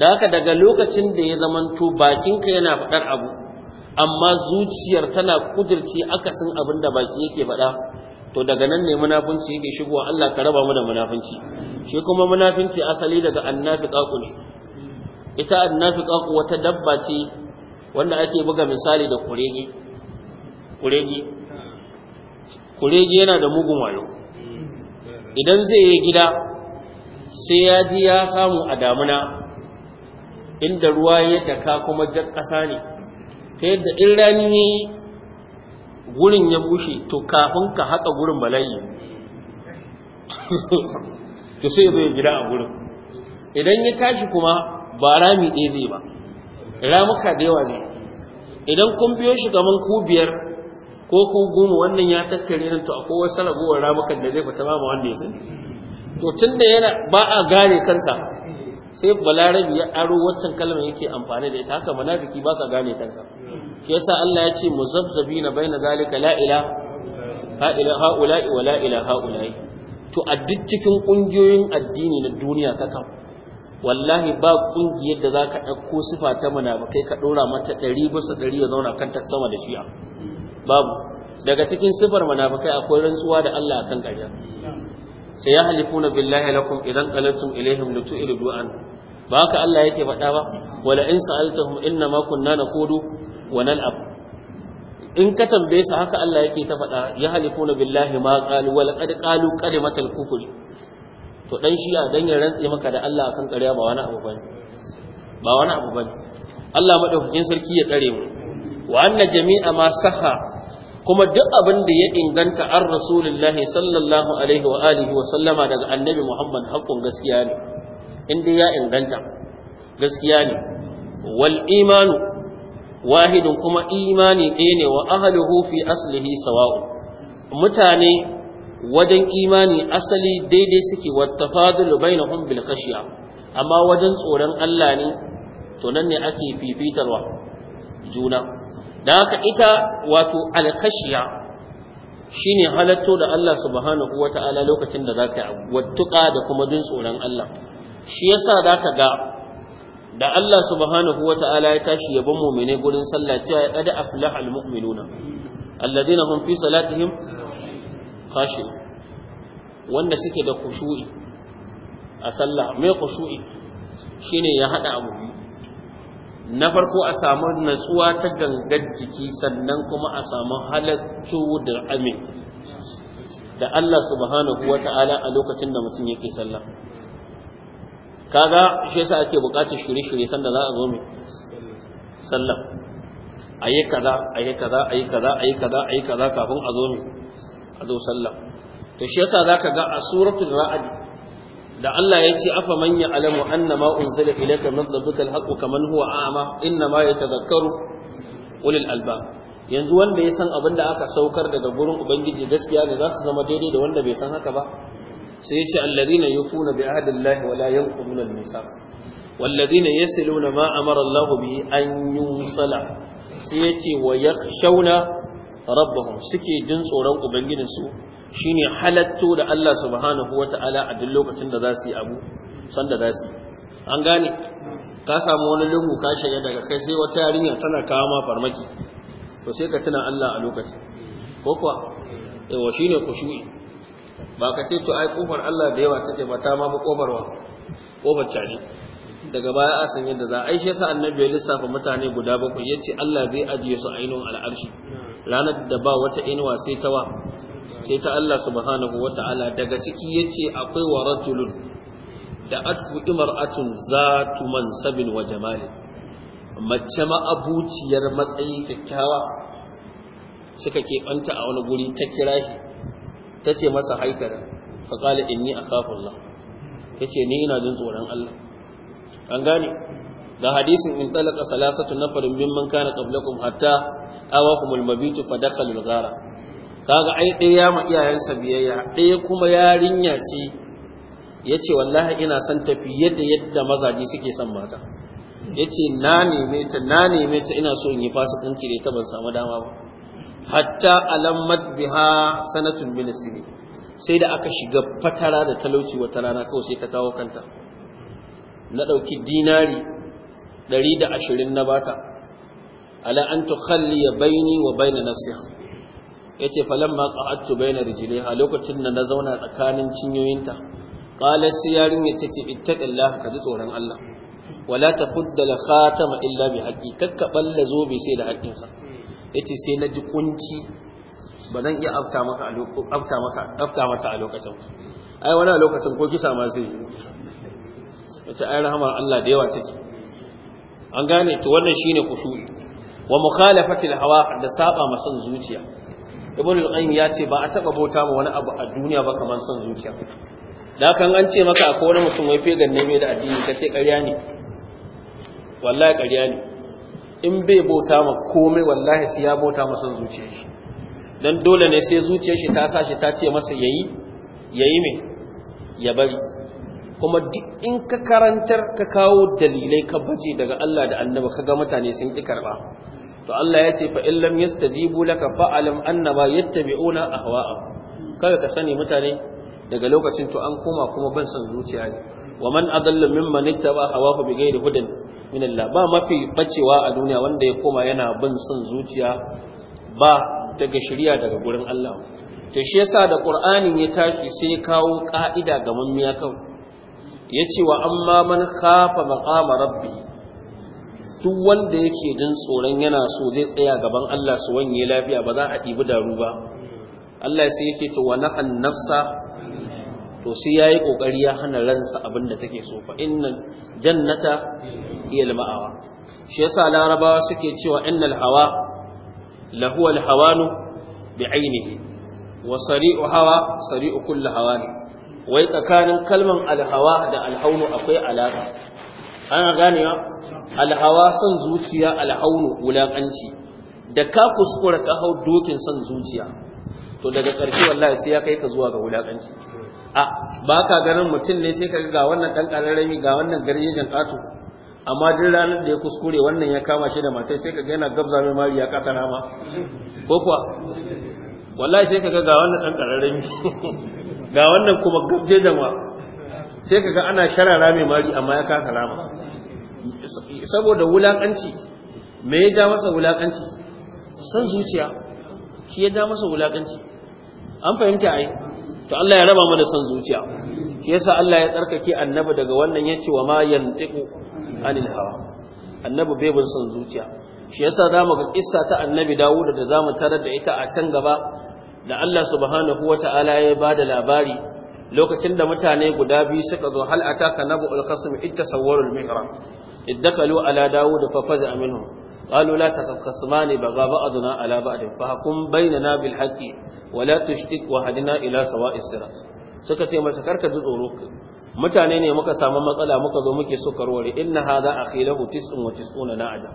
da haka daga lokacin da ya zamanto bakinka yana faɗar abu amma zuciyar tana kudirce akasin abin da baki yake faɗa to daga nan ne munafunci yake shigowa Allah ka raba mu da munafunci shi kuma munafunci asali daga annafiqaqu ne ita annafiqaqu wata dabba ce wanda ake buga misali da kuregi kuregi kuregi yana da mugun wayo idan zai yi gida sai ya ji ya samu a damuna inda ruwa ya daka kuma jar ƙasa ne ta yadda in rani gurin ya bushe to kafin ka haka gurin balayi to sai zai gida a gurin idan ya tashi kuma ba rami ɗaya zai ba ramuka da yawa ne idan kun biyo shi gaman ku biyar ko ku goma wannan ya tattare nan to akwai wasu ragowar ramukan da zai fita ba wanda ya sani to tun da yana ba a gane kansa sai balarin ya aro waccan kalmar yake amfani da ita haka munafiki ba ka gane kansa shi yasa Allah ya ce muzabzabina baina zalika la ilaha ila haula'i wa la ilaha haula'i to a duk cikin kungiyoyin addini na duniya ta kan wallahi ba kungiyar da zaka dauko sifa ta munafikai ka dora mata 100 bisa 100 ya zauna kanta sama da shi'a babu daga cikin sifar munafikai akwai rantsuwa da Allah akan ƙarya sai ya halifuna billahi lakum idan qalantum ilaihim lutu'idu du'an. ba haka Allah yake faɗa ba wala in sa'altahum inna ma kunna naqudu wa nal'ab in ka tambaye su haka Allah yake ta faɗa ya halifuna billahi ma qalu wal qad qalu kalimatal kufri to dan shi a dan ya rantse maka da Allah akan ƙarya ba wani abu bane ba wani abu bane Allah madaukakin sarki ya tsare mu wa anna jami'a ma sahha kuma duk abin da ya inganta an rasulullahi sallallahu alaihi wa alihi wa sallama daga annabi muhammad haƙƙun gaskiya ne inda ya inganta gaskiya ne wal imanu wahidun kuma imani ɗaya ne wa ahluhu fi aslihi sawa'u mutane wajen imani asali daidai suke wa bai bainahum bil khashiya amma wajen tsoron Allah ne to nan ne ake fifitarwa juna da aka ita wato alkashiya shine halatto da Allah subhanahu Ta'ala lokacin da zaka yi wattuka da kuma jin tsoron Allah shi yasa zaka ga da Allah subhanahu Ta'ala ya tashi yaban mu'mine gurin sallah cewa qad aflaha almu'minuna alladhina hum fi salatihim Kashi, wanda suke da kushu'i a sallah mai kushu'i ne ya haɗa abu na farko a samu natsuwa ta gangar jiki sannan kuma a samu halatto da amin da Allah subhanahu ta'ala) a lokacin da mutum yake sallah kaga shi yasa ake bukatar shirye-shirye sanda za a zo mai sallah ayi kaza ayi kaza ayi kaza ayi kaza ayi kaza kafin a zo mai a zo sallah to shi yasa zaka ga a suratul ra'd da Allah ya ce afa man alamu anna ma unzila ilayka min rabbikal haqqu kaman huwa a'ma inna ma yatadhakkaru ulul albab yanzu wanda ya san abin da aka saukar daga gurin ubangiji gaskiya ne za su zama daidai da wanda bai san haka ba sai ya ce alladhina yufuna bi ahdillahi wa la yanquduna al-misaq والذين يسلون ما أمر الله به أن يوصل سيتي ويخشون ربهم سكي جنس ورنق بنجنسو Shi ne halatto da Allah subhanahu ta’ala a duk lokacin da za su yi abu sanda za su yi. an gane ka samu wani lungu ka shiga daga kai sai wata yarinya tana kawo ma farmaki to sai ka tuna Allah a lokacin ko kuwa yawa ku kushu'i ba ka ce to ai kofar Allah da yawa take ba ta ma ba kofar wa kofar cani daga baya a san yadda za a aishe sa annabi ya lissafa mutane guda bakwai ce Allah zai ajiye su ainihin al'arshi ranar da ba wata inuwa sai ta wa sai ta Allah subhanahu ta'ala daga ciki ya ce akwai wa rajulun da atfu imar'atun zatu sabin wa jamalin mace ma'abuciyar matsayi kyakkyawa suka keɓanta a wani guri ta kira shi ta ce masa haikara faƙali inni a kafin ya ce ni ina jin tsoron Allah an gane ga hadisin in talaka salasatu na farin mimman kana qablakum hatta awahumul mabitu fa dakhalul ghara kaga ai ɗaya ya ma iyayensa biyayya ɗaya kuma yarinya ce ya ce wallahi ina son tafi yadda yadda mazaje suke son mata ya ce na neme ta na neme ta ina so in yi fasikanci da ita ban samu dama ba hatta alammat biha sanatun minisiri sai da aka shiga fatara da talauci wata rana kawai sai ta kawo kanta na ɗauki dinari ɗari da ashirin na bata ala an tukhalliya baini wa baina nafsiha yace bai na baina a lokacin da na zauna tsakanin cinyoyinta ya sai yarinya tace ittaqillaha ka ji tsoron Allah wala ta tafuddal khatama illa bi haƙi kakka balla zobe sai da haƙƙin Ya ce sai na ji kunci ba zan iya afta maka a lokacin afka mata a lokacin ai wani a lokacin ko kisa ma sai yace ai rahama Allah da yawa take an gane to wannan shine kusuri wa mukhalafatil hawa da saba masan zuciya ibn al-qayyim ya ce ba a taba bauta ma wani abu a duniya ba kamar son zuciya da kan an ce maka akwai wani mutum wai fegan ne mai da addini ka ce ƙarya ne wallahi ƙarya ne in bai bauta ma komai wallahi sai ya bauta ma son zuciya shi dan dole ne sai zuciya shi ta sashi ta ce masa yayi yayi me ya bari kuma duk in ka karantar ka kawo dalilai ka baje daga Allah da Annabi kaga mutane sun ki karba to Allah ya ce fa in lam yastajibu laka fa alam annama yattabi'una ahwa'a kawai ka sani mutane daga lokacin to an koma kuma ban san zuciya ne wa man adalla mimma nittaba hawahu bighairi hudan min Allah ba mafi bacewa a duniya wanda ya koma yana bin san zuciya ba daga shari'a daga gurin Allah to shi yasa da ƙur'ani ya tashi sai kawo ka'ida ga mamiya kawai yace wa amma man khafa maqama rabbi duk wanda yake jin tsoron yana so zai tsaya gaban Allah su wanye lafiya ba za a ɗibi daru ba Allah sai yake to wa na'an nafsa to sai yayi kokari ya hana ransa abin da take so fa innal jannata hiya al-ma'awa shi yasa larabawa suke cewa innal hawa lahu al-hawanu bi'ainihi wa sari'u hawa sari'u kulli hawani wai tsakanin kalman al-hawa da al akwai alaka ana ganewa alhawa son zuciya alhaunu wulaƙanci da ka kuskura ka hau dokin son zuciya to daga ƙarshe wallahi sai ya kai ka zuwa ga wulaƙanci a ba ka ganin mutum ne sai ka ga wannan ɗan ƙararrami ga wannan garejin ƙato amma duk ranar da ya kuskure wannan ya kama shi da matai sai ka ga yana gabza mai mari ya kasa nama ko kuwa wallahi sai ka ga ga wannan ɗan ƙararrami ga wannan kuma gabje da ma sai ka ga ana sharara mai mari amma ya kasa rama saboda wulakanci me ya ja masa wulakanci san zuciya shi ya ja masa wulakanci an fahimta ai to Allah ya raba mana san zuciya shi yasa Allah ya tsarkake annabi daga wannan yace wa ma yantiqu anil hawa annabi bai bin san zuciya shi yasa zamu ga kissa ta annabi Dawud da zamu tarar da ita a can gaba da Allah subhanahu wataala ya bada labari lokacin da mutane guda biyu suka zo hal ataka nabu al-qasim ittasawwarul mihrab iddakalu ala dawud fa faza minhu قالوا لا تقسمان بغى بعضنا على bil فحكم بيننا بالحق ولا تشتك وهدنا الى سواء الصراط suka ce masa karka ji tsoro mutane ne muka samu matsala muka zo muke so karware inna hadha akhilahu tis'un wa tis'una na'aja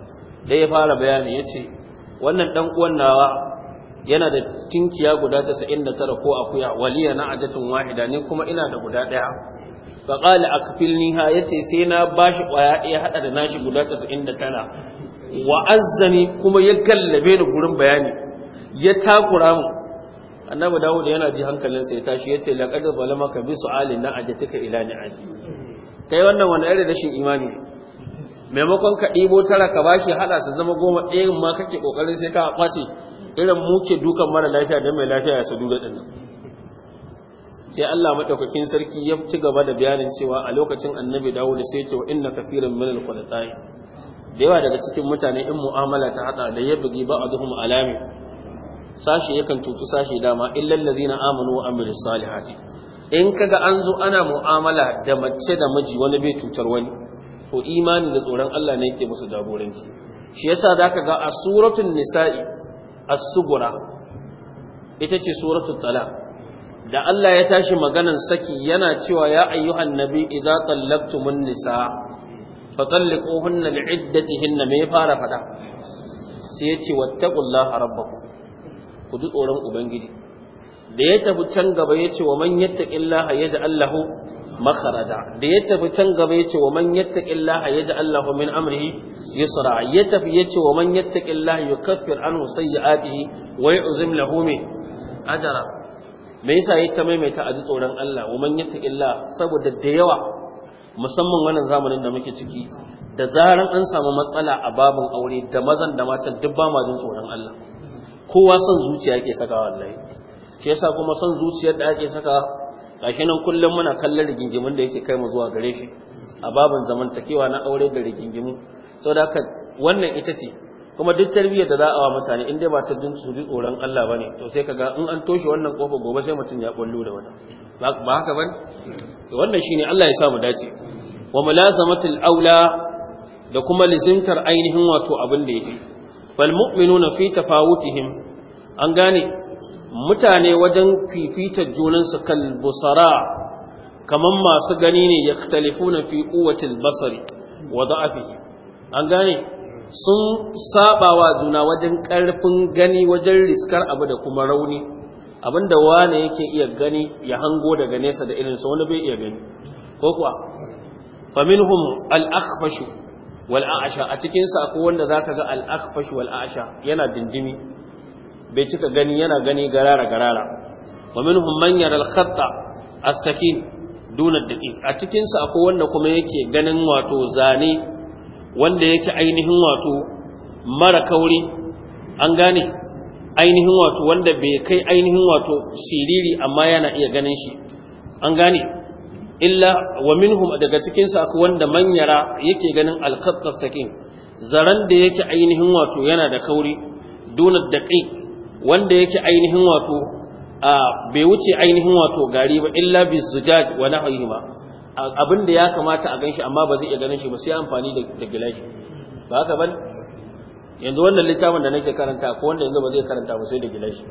dai ya fara bayani yace wannan dan uwan nawa yana da tinkiya guda tara ko akuya waliya na ajatun wahida ni kuma ina da guda daya fa qala akfilniha yace sai na bashi kwaya ya haɗa da nashi guda 99 wa azzani kuma ya gallabe ni gurin bayani ya takura mu annabi dawud yana ji hankalinsa ya tashi yace balama ka bi Ali na ajatika ila aji. kai wannan wani irin rashin imani maimakon ka ɗibo tara ka bashi haɗa su zama goma ɗayan ma kake ƙoƙarin sai ka kwace irin muke dukan mara lafiya don mai lafiya ya sadu da sai Allah maɗaukakin sarki ya ci gaba da bayanin cewa a lokacin annabi Dawud sai cewa ce na inna kafiran da yawa daga cikin mutane in mu'amala ta hada da ba a ba'dhum alami sashi yakan tutu sashi dama illal na amanu wa amilus salihati in kaga an zo ana mu'amala da mace da miji wani bai cutar wani to imani da tsoron Allah ne yake musu jagoranci shi yasa zaka ga a suratul nisa'i as-sugura ita ce suratul talaq da Allah ya tashi maganan saki yana cewa ya ayyuhan nabi idza tallaqtumun nisa fatalliquhunna li'iddatihinna me fara fada sai yace wattaqullaha rabbakum ku ji tsoron ubangiji da ya tafi can gaba yace wa man yattaqillaha yaj'al lahu makharada da ya tafi can gaba ya ce wa man yattaqillaha yaj'al lahu min amrihi yusra ya tafi ya ce wa man yattaqillaha yukaffir anhu sayyi'atihi wa yu'zim lahu min ajra me yasa ya ta maimaita a tsoron Allah wa man yattaqillaha saboda da yawa musamman wannan zamanin da muke ciki da zaran an samu matsala a babin aure da mazan da matan duk ba ma jin tsoron Allah kowa son zuciya yake saka wallahi Ke yasa kuma son zuciyar da ake saka gashi nan kullum muna kallon rigingimin da yake kai mu zuwa gare shi a babin zamantakewa na aure da rigingimu Sau da haka wannan ita ce kuma duk tarbiyyar da za a wa mutane in dai ba ta jin su tsoron Allah bane to sai ka ga in an toshe wannan kofa gobe sai mutum ya ballo da wata ba haka ba to wannan shi ne Allah ya sa mu dace wa mulazamatul aula da kuma lizimtar ainihin wato abin da yake fal mu'minuna fi tafawutihim an gane mutane wajen fifitar junansu kan busara kamar masu gani ne ya yaktalifuna fi quwwatil basari wa afi an gane sun sabawa juna wajen karfin gani wajen riskar abu da kuma rauni abinda wane yake iya gani ya hango daga nesa da irinsa wani bai iya gani ko kuwa faminhum al-akhfashu a cikinsa ko wanda za ka ga al walasha yana dindimi bai cika gani yana gani garara garara wa minhum man yara al-khatta as-sakin duna a cikin sa akwai wanda kuma yake ganin wato zane wanda yake ainihin wato mara kauri an gane ainihin wato wanda bai kai ainihin wato siriri amma yana iya ganin shi an gane illa wa minhum daga cikin sa akwai wanda manyara yake ganin al-khatta as-sakin zaran da yake ainihin wato yana da kauri dunar daƙi wanda yake ainihin wato a bai wuce ainihin wato gari ba illa bi zujaj wa nahyihi ba abin da ya kamata a ganshi amma ba zai iya ganin shi ba sai amfani da gilashi ba haka ban yanzu wannan littafin da nake karanta ko wanda yanzu ba zai karanta ba sai da gilashi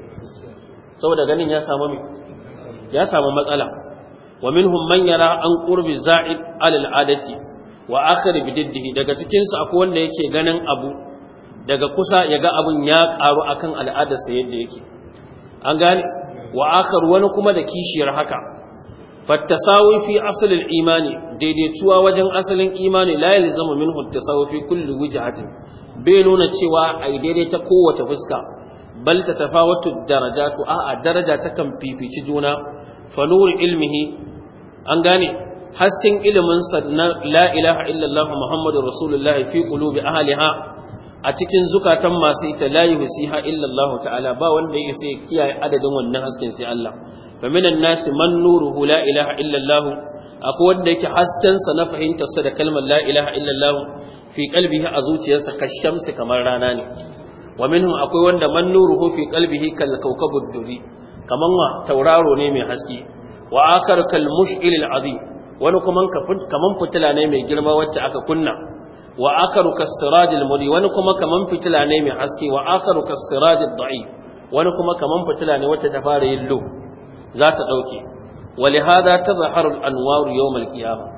saboda ganin ya samu me ya samu matsala wa minhum man yara an qurbi za'id alal adati wa akhir bididdihi daga cikin su akwai wanda yake ganin abu daga kusa ya ga abin ya a akan al'adarsa yadda yake an gane wa akar wani kuma da kishiyar haka fattasawi asalin imani daidaituwa wajen asalin imani la yalzamu minhu tasawi fi kulli wijhatin bai nuna cewa ai ta kowace fuska bal ta tafawatu darajatu a a daraja ta kan fifici juna fanuri ilmihi an gane hasken ilimin sa na la'ilaha illallah Muhammadu rasulullahi fi qulubi ahliha a cikin zukatan masu ita layi yusiha illa ta'ala ba wanda ya sai kiyaye adadin wannan hasken sai Allah fa minan nasi man nuruhu la ilaha illa akwai wanda yake hasken sa na fahimtar sa da kalmar la ilaha illa fi qalbihi a zuciyarsa kashamsi kamar rana ne wa minhum akwai wanda man nuruhu fi qalbihi kal kawkabud duri kaman wa tauraro ne mai haske wa akar kal mush'il al azim wani kuma kaman fitila ne mai girma wacce aka kunna wa akharu kasirajil mudi wani kuma kaman fitila ne mai haske wa akharu kasirajil da'i wani kuma kaman fitila ne wacce ta fara yin lu za ta dauke walihada tazharu al-anwaru yawm al-qiyamah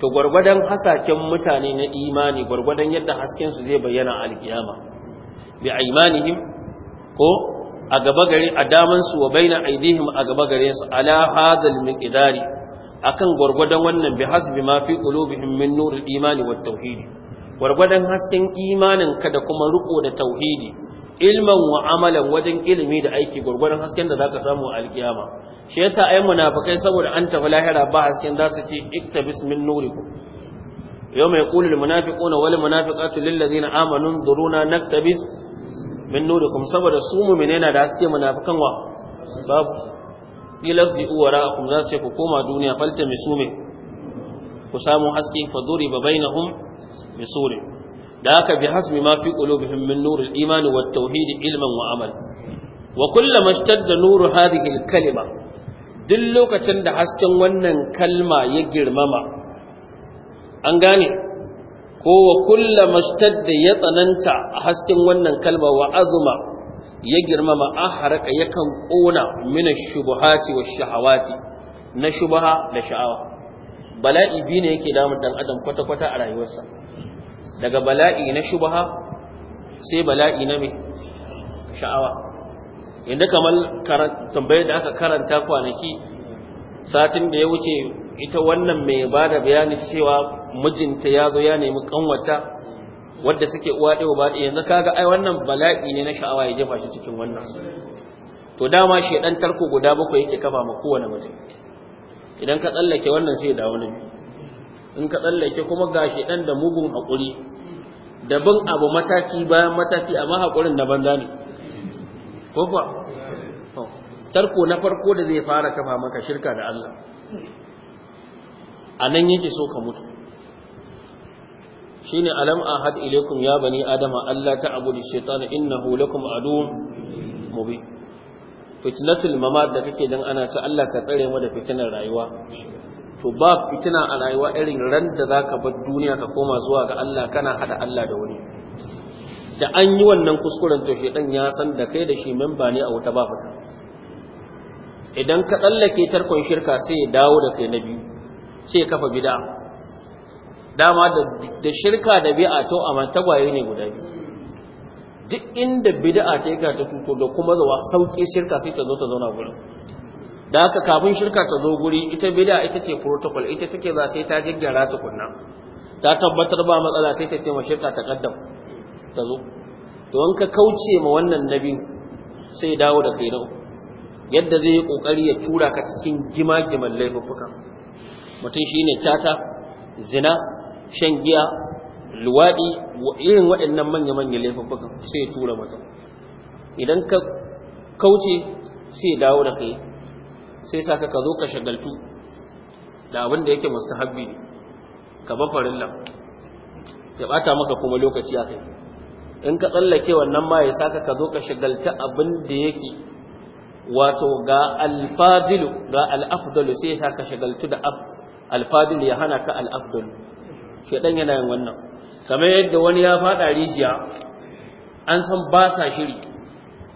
to gwargwadon hasaken mutane na imani gwargwadon yadda hasken su zai bayyana al-qiyama bi aymanihim ko a gaba gare a daman su wa baina aidihim a gaba gare su ala hadal miqdari akan gwargwadon wannan bi hasbi ma fi qulubihim min nuril imani wat tauhid gwargwadon hasken imaninka da kuma riko da tauhidi ilman wa amalan wajen ilimi da aiki gwargwadon hasken da zaka samu a alkiyama shi yasa ai munafikai saboda an tafi lahira ba hasken za su ce iktabis min nurikum yawma yaqulu almunafiquna wal munafiqatu lil ladzina amanu dhuruna naktabis min nurikum saboda su mu'mine na da haske munafikan wa babu ilafdi uwara'akum za su ce ku koma duniya falta misume ku samu haske fa duriba bainahum بصوره ذاك بحسب ما في قلوبهم من نور الإيمان والتوحيد علما وعملا وكلما اشتد نور هذه الكلمة دلوك تند حسكن ونن كلمة يجر ماما أنغاني هو كلما اشتد يطننت حسكن ونن كلمة وأظم يجر ماما أحرق يكن قونا من الشبهات والشهوات نشبها لشعوة bala'i biyu ne yake damun dan adam kwata-kwata a rayuwarsa daga bala'i na shubha sai bala'i na mai sha'awa inda kamar tambayar da aka karanta kwanaki satin da ya wuce ita wannan mai ba da bayani cewa mijinta ya zo ya nemi kanwata wadda suke uwa ɗaya ba ɗaya yanzu kaga ai wannan bala'i ne na sha'awa ya jefa shi cikin wannan to dama shi ɗan tarko guda bakwai yake kafa ma kowane mutum idan ka tsallake wannan sai ya dawo na biyu in ka tsallake kuma ga ɗan da mugun haƙuri da bin abu mataki bayan mataki amma haƙurin da banza ne ko kuwa tarko na farko da zai fara kafa maka shirka da Allah a nan yake so ka mutu shine alam ahad ilaikum ya bani adama Allah ta da shaytana innahu lakum adu mubi fitnatul mamad da kake dan ana ta Allah ka tsare mu da fitinar rayuwa to ba fitina a rayuwa irin ran da za ka bar duniya ka koma zuwa ga Allah kana haɗa Allah da wani da an yi wannan kuskuren to ɗan ya san da kai da shi memba ne a wata ba fita idan ka tsallake tarkon shirka sai ya dawo da kai na biyu sai ya kafa bida dama da shirka da bi'a to manta tagwaye ne guda biyu duk inda bid'a ta yi ta tuto da kuma zuwa sauƙi shirka sai ta zo ta zauna gurin da haka kafin shirka ta zo guri ita bida ita ce protocol ita take za ta yi ta gaggara kunna, ta tabbatar ba matsala sai ta ce ma shirka ta kaddam ta zo to an ka kauce ma wannan nabi sai dawo da kai yadda zai yi kokari ya tura ka cikin gima-giman laifuffuka mutum shi ne tata zina shan giya luwaɗi irin waɗannan manya manya laifuffukan sai ya tura mutum idan ka kauce sai dawo da kai sai sa ka zo ka shagaltu da abin da yake mustahabbi ne ka ba farilla ya bata maka kuma lokaci a kai in ka tsallake wannan ma ya saka ka zo ka shagalta abin da yake wato ga alfadilu ga al'afdalu sai ya saka shagaltu da alfadilu ya hana ka al'afdalu shedan yana yin wannan kamar yadda wani ya faɗa rijiya an san ba sa shiri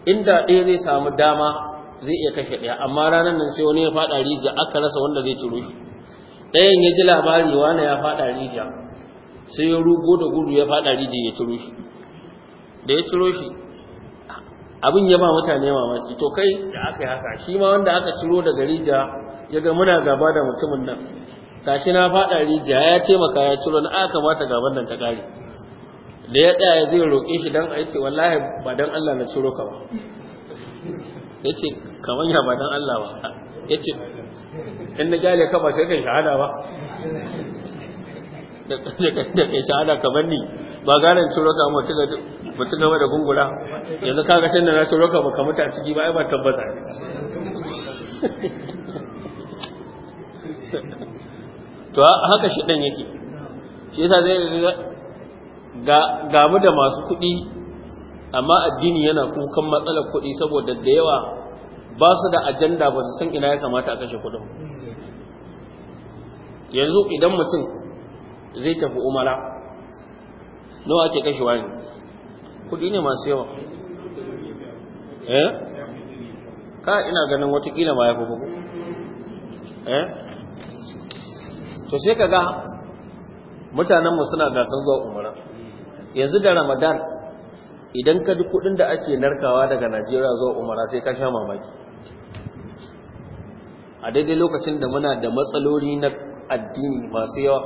inda ɗaya zai samu dama zai iya kashe ɗaya amma ranar nan sai wani ya faɗa rijiya aka rasa wanda zai ciro shi ɗayan ya ji labari wani ya faɗa rijiya sai ya rugo da gudu ya faɗa rijiya ya ciro shi da ya ciro shi abin ya ba mutane mamaki to kai da aka yi haka shi ma wanda aka ciro daga rijiya ya ga muna gaba da mutumin nan shi na faɗa rijiya ya taimaka ya ciro na aka kamata gaban nan ta ƙare da ya tsaya zai roƙe shi don a yi ce wallahi ba don Allah na ciro ka ba ya ce kamar ya ba dan Allah ba ya ce in na gyale ka ba sai kai shahada ba da kai shahada kamar ni ba ganin turoka mutu gaba da gungula yanzu kaga tun da na turoka ba ka mutu a ciki ba ai ba tabbata to haka shi ɗan yake shi yasa zai ga gamu da masu kuɗi amma addini yana kukan matsalar kuɗi saboda da yawa ba su da ajanda ba su san ina ya kamata a kashe kuɗin yanzu idan mutum zai tafi umara nawa ake kashe wani kuɗi ne masu yawa eh? ka ina ganin watakila ma ya fi bugu eh? to sai ka ga mutanenmu suna gasar zuwa umara yanzu da ramadan idan ka ji kudin da ake narkawa daga najeriya zuwa umara sai ka sha mamaki a daidai lokacin da muna da matsaloli na addini masu yawa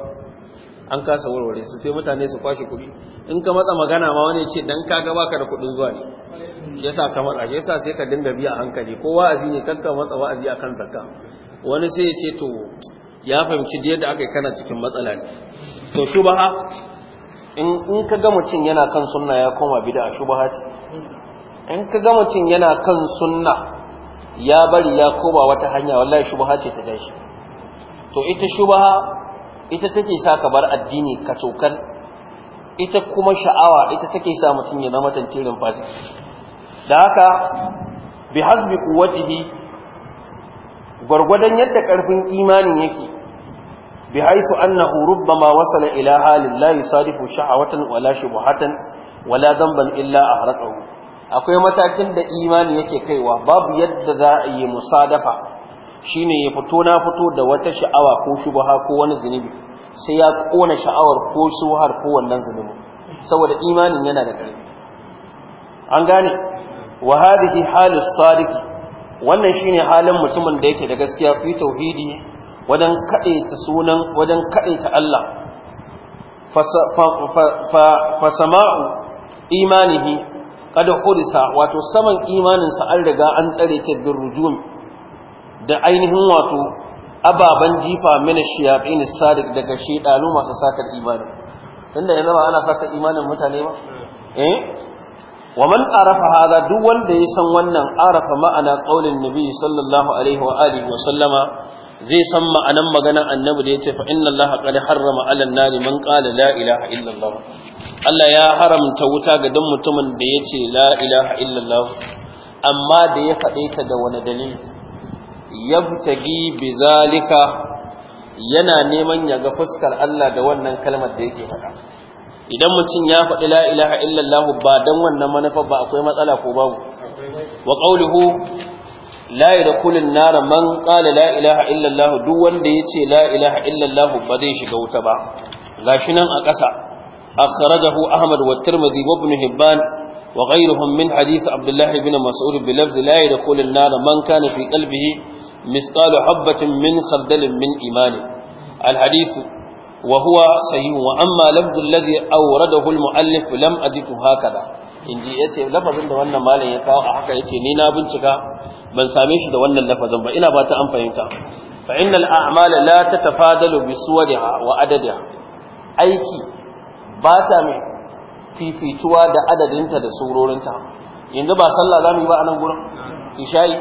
an kasa warware su sai mutane su kwashe kuɗi in ka matsa magana ma wani ce dan ka gaba ka da kuɗin zuwa ne shi yasa ka matsa shi yasa sai ka dinga biya hankali ko wa'azi ne kanka matsa wa'azi akan zakka wani sai ya ce to ya fahimci da yadda aka yi kana cikin matsala ne to ba in ka ga mutum yana kan sunna ya koma bid'a shubha ce in ka ga mutum yana kan sunna ya bari ya koma wata hanya wallahi shubha ce ta gashi to ita shubaha, ita take sa ka bar addini ka cokal. ita kuma sha'awa ita take sa mutum ya zama tantirin fasi da haka bi hasbi quwwatihi gwargwadon yadda karfin imanin yake بحيث أنه ربما وصل إلى حال لا يصادف wala ولا شبهة ولا ذنبا إلا أهرقه akwai matakin da imani yake kaiwa babu yadda za a yi musadafa shine ya fito na fito da wata sha'awa ko shubha ko wani zunubi sai ya kona sha'awar ko shubhar ko wannan zunubi saboda imanin yana da ƙarfi an gane wa hadhihi halus sadiq wannan shine halin mutumin da yake da gaskiya fi tauhidi wajen kaɗaita sunan wajen kaɗaita Allah fa sama'u imanihi kada hurisa wato saman imaninsa an riga an tsare ta bin rujum da ainihin wato ababen jifa mina shiyafin sadiq daga shedanu masu satar imani tunda yanzu ba ana satar imanin mutane ba eh man arafa هذا duk wanda ya san wannan arafa ma'ana qaulin nabi sallallahu alaihi wa alihi wa sallama zai san ma'anan maganar annabi da ya ce fa inna Allah qad harrama 'ala an nari man qala la ilaha illa Allah Allah ya haramta wuta ga dan mutumin da ya ce la ilaha illa Allah amma da ya fade ta da wani dalili yabtagi zalika, yana neman ya ga fuskar Allah da wannan kalmar da yake faɗa idan mutum ya faɗi la ilaha illa Allah ba dan wannan manufa ba akwai matsala ko babu wa qawluhu la yadkhulun nar man qala la ilaha illa allah duk wanda yace la ilaha illa allah ba zai shiga wuta ba gashi nan a ƙasa akhrajahu ahmad wa tirmidhi wa hibban wa ghayruhum min hadith abdullah ibn mas'ud bi lafzi la yadkhulun nar man kana fi qalbihi misqalu habatin min khardalin min imani al hadith وهو صحيح واما لفظ الذي اورده المؤلف لم اجده هكذا inji yace lafazin da wannan malam ya kawo a haka yace ni na bincika ban same shi da wannan lafazin ba ina ba ta an fahimta fa innal a'mala la tatafadalu bi wa adadiha aiki ba ta mai fifituwa da adadinta da surorinta yanzu ba sallah zamu yi ba anan gurin isha'i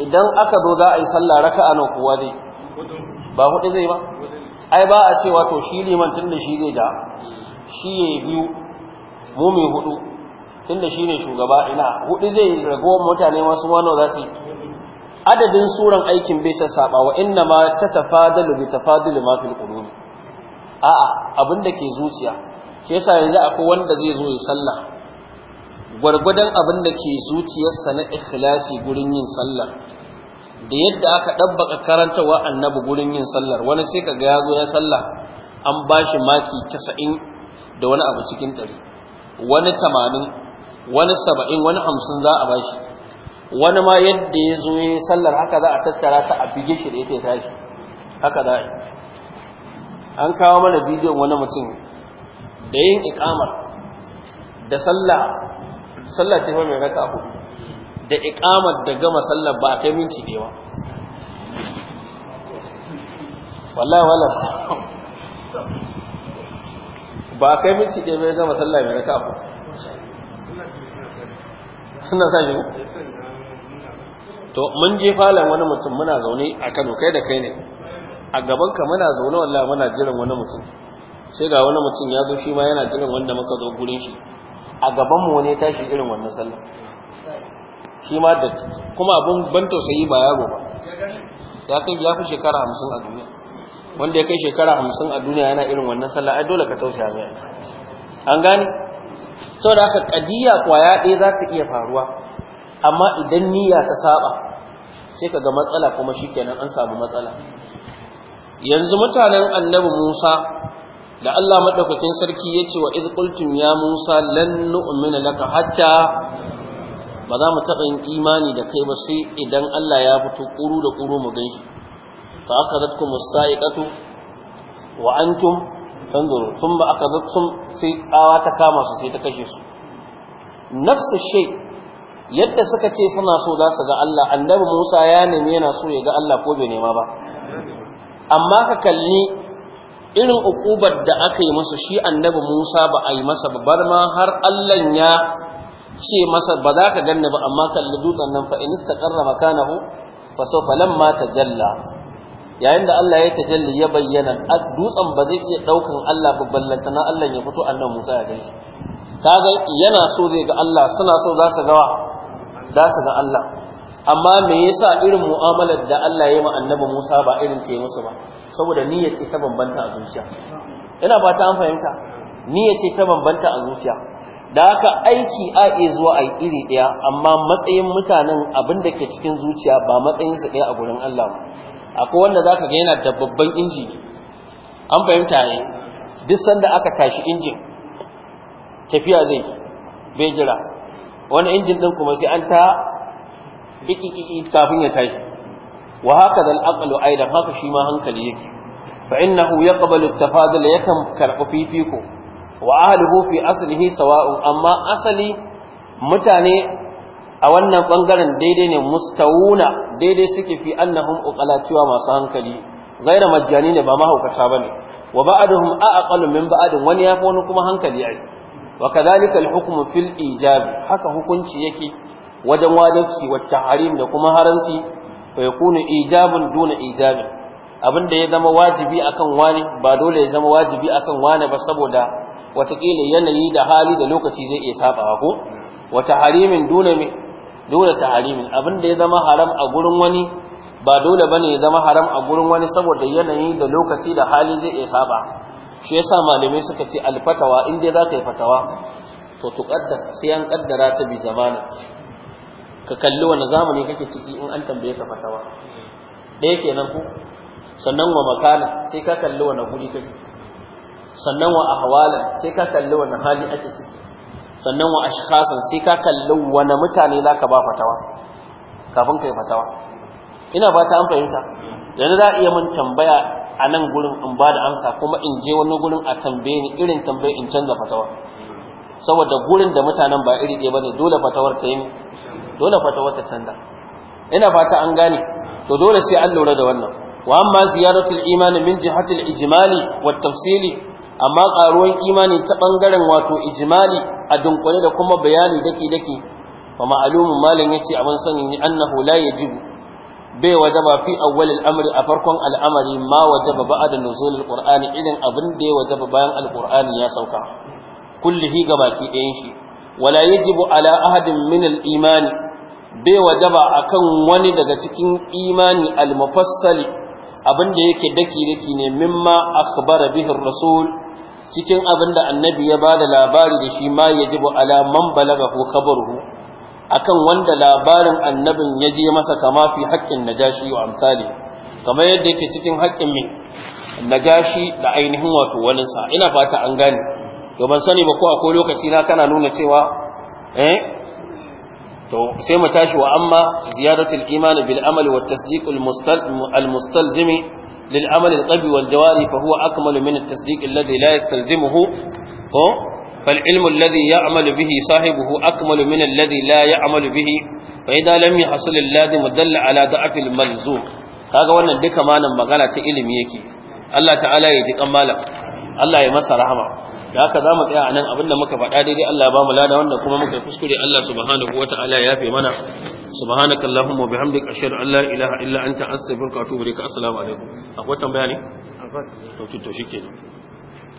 idan aka zo za a yi sallah raka'a nan kowa zai ba hudu zai ba ai ba a ce wato shi liman tun da shi zai ja shi ya yi biyu mu mai hudu tunda shine shugaba ina hudu zai ragowa mutane masu wano za su adadin suran aikin bai saba wa inna ma ta tafadalu bi tafadulu ma fil a a'a abinda ke zuciya shi yasa yanzu akwai wanda zai zo ya sallah gwargwadon abin da ke zuciyarsa na ikhlasi gurin yin sallar da yadda aka ɗabbaka karantawa annabi gurin yin sallar wani sai ka ga ya zo ya sallah an ba shi maki casa'in da wani abu cikin ɗari wani tamanin wani saba'in wani hamsin za a bashi wani ma yadda ya zo ya sallar haka za a tattara ta a bige shi da ya tashi haka za a yi an kawo mana bidiyon wani mutum da yin ikamar da sallah sallah ce mai raka hudu da ikamar da gama sallar ba a kai minti ɗewa wallahi wallahi ba a kai minti ɗewa ya gama sallah mai raka hudu suna sa shi to mun je falon wani mutum muna zaune a Kano kai da kai ne a gaban ka muna zaune wallahi muna jiran wani mutum sai ga wani mutum ya zo shi ma yana jiran wanda muka zo gurin shi a gaban mu wani tashi irin wannan sallah shi ma da kuma abun ban tausayi ba yaro ba ya kai ya fi shekara hamsin a duniya wanda ya kai shekara hamsin a duniya yana irin wannan sallah ai dole ka tausaya mai an gane saboda haka kadiya kwaya ɗaya za ta iya faruwa amma idan niyya ta saba sai ga matsala kuma shi kenan an samu matsala yanzu mutanen annabi Musa da Allah maɗaukakin sarki ya ce wa iz ya Musa lan nu'mina laka hatta ba za mu taɓa yin imani da kai ba sai idan Allah ya fito ƙuru da ƙuru mu gan shi fa aka zatku musa'iqatu wa antum fanzuru sun ba aka sun sai tsawa ta kama su sai ta kashe su nafsu shai yadda suka ce suna so za su ga Allah annabi Musa ya nemi yana so ya ga Allah ko bai nema ba amma ka kalli irin ukubar da aka yi masa shi annabi Musa ba a yi masa babbar ma har Allah ya ce masa ba za ka ganna ba amma kalli dutsen nan fa in istaqarra makanahu fa sawfa lamma tajalla yayin da Allah ya tajalli ya bayyana dutsen ba zai iya daukan Allah ba ballanta na Allah ya fito annan Musa ya gaishe kaga yana so zai ga Allah suna so za su ga za su ga Allah amma me yasa irin mu'amalar da Allah ya yi ma annabi Musa ba irin ta yi musu ba saboda niyyar ce ta bambanta a zuciya ina ba ta an fahimta niyyar ce ta bambanta a zuciya da haka aiki a iya zuwa a iri ɗaya amma matsayin mutanen abin da ke cikin zuciya ba matsayin su ɗaya a gurin Allah ba akwai wanda za ka ga yana da babban inji an fahimta ne duk sanda aka tashi injin tafiya zai bai jira wani injin ɗin kuma sai an ta biƙiƙiƙi kafin ya tashi wa haka da al'aƙalu aidan haka shi ma hankali yake fa innahu yaqbalu at-tafadul yakan karɓi fifiko wa ahlihu fi aslihi sawa'un amma asali mutane a wannan bangaren daidai ne mustawuna daidai suke fi annahum uqala cewa masu hankali gaira majjani ne ba mahaukata bane wa ba'aduhum aqallu min ba'adin wani yafi wani kuma hankali ai wa kadhalika al hukm fil ijab haka hukunci yake wajen wajibi wa tahrim da kuma haranci fa yakunu ijabun duna Abin abinda ya zama wajibi akan wani ba dole ya zama wajibi akan wani ba saboda watakila yanayi da hali da lokaci zai iya sabawa ko wata harimin duna dole ta harimin abin da ya zama haram a gurin wani ba dole bane ya zama haram a gurin wani saboda yanayi da lokaci da hali zai iya saba shi yasa malamai suka ce alfatawa in dai ka yi fatawa to tuqaddar sai an kaddara ta bi zamana ka kalli wani zamani kake ciki in an tambaye ka fatawa da yake nan ku sannan wa makana sai ka kalli wani guri kake sannan wa ahwala sai ka kalli wani hali ake ciki sannan wa ashkhasan sai ka kalli wani mutane za ka ba fatawa kafin kai fatawa ina ba ta an fahimta yanzu za a iya mun tambaya a nan gurin in ba da amsa kuma in je wani gurin a tambaye ni irin tambaye in canza fatawa saboda gurin da mutanen ba iri ɗaya ne, dole fatawar ta yi dole fatawar ta canza ina fata an gane to dole sai an lura da wannan wa amma ziyaratul imani min jihatil ijmali wat tafsili amma ƙaruwar imani ta ɓangaren wato ijimali a dunkule da kuma bayani dake-dake, fa ma'alumin malam ya ce abin sanin ni annahu la yajibu bai wajaba fi awwalil amri a farkon al'amari ma wajaba ba'da al qur'ani idan abin da ya wajaba bayan alqur'ani ya sauka kullihi gabaki ɗayan shi wala yajibu ala ahadin min al-imani bai wajaba akan wani daga cikin imani al-mufassali abin da yake daki-daki ne mimma akhbara bihi rasul cikin abin da annabi ya bada labari da shi ma alaman ala man ko khabaru akan wanda labarin annabin ya je masa kama fi haƙƙin najashi wa amsali kamar yadda yake cikin haƙƙin min najashi da ainihin wato sa, ina fata an gane to ban sani ba ko akwai lokaci na kana nuna cewa eh to sai mu tashi wa amma ziyadatul iman bil amali wat tasdiq al mustalzim lil amali al qalbi wal jawari fa huwa akmalu min at tasdiq alladhi la yastalzimuhu ko fal ilmu alladhi ya'malu bihi sahibuhu akmalu min alladhi la ya'malu bihi fa idha lam yahsil alladhi mudalla ala da'f al malzum kaga wannan duka malam magana ta ilimi yake Allah ta'ala ya ji kan malam Allah ya masa rahama da haka zamu tsaya nan abinda muka faɗa daidai Allah ya ba mu lada wanda kuma muka kuskure Allah subhanahu wataala ya yafe mana subhanaka allahumma bihamdika ashhadu an la ilaha illa anta astaghfiruka wa atubu ilaik assalamu alaikum akwai tambaya ne to to shikenan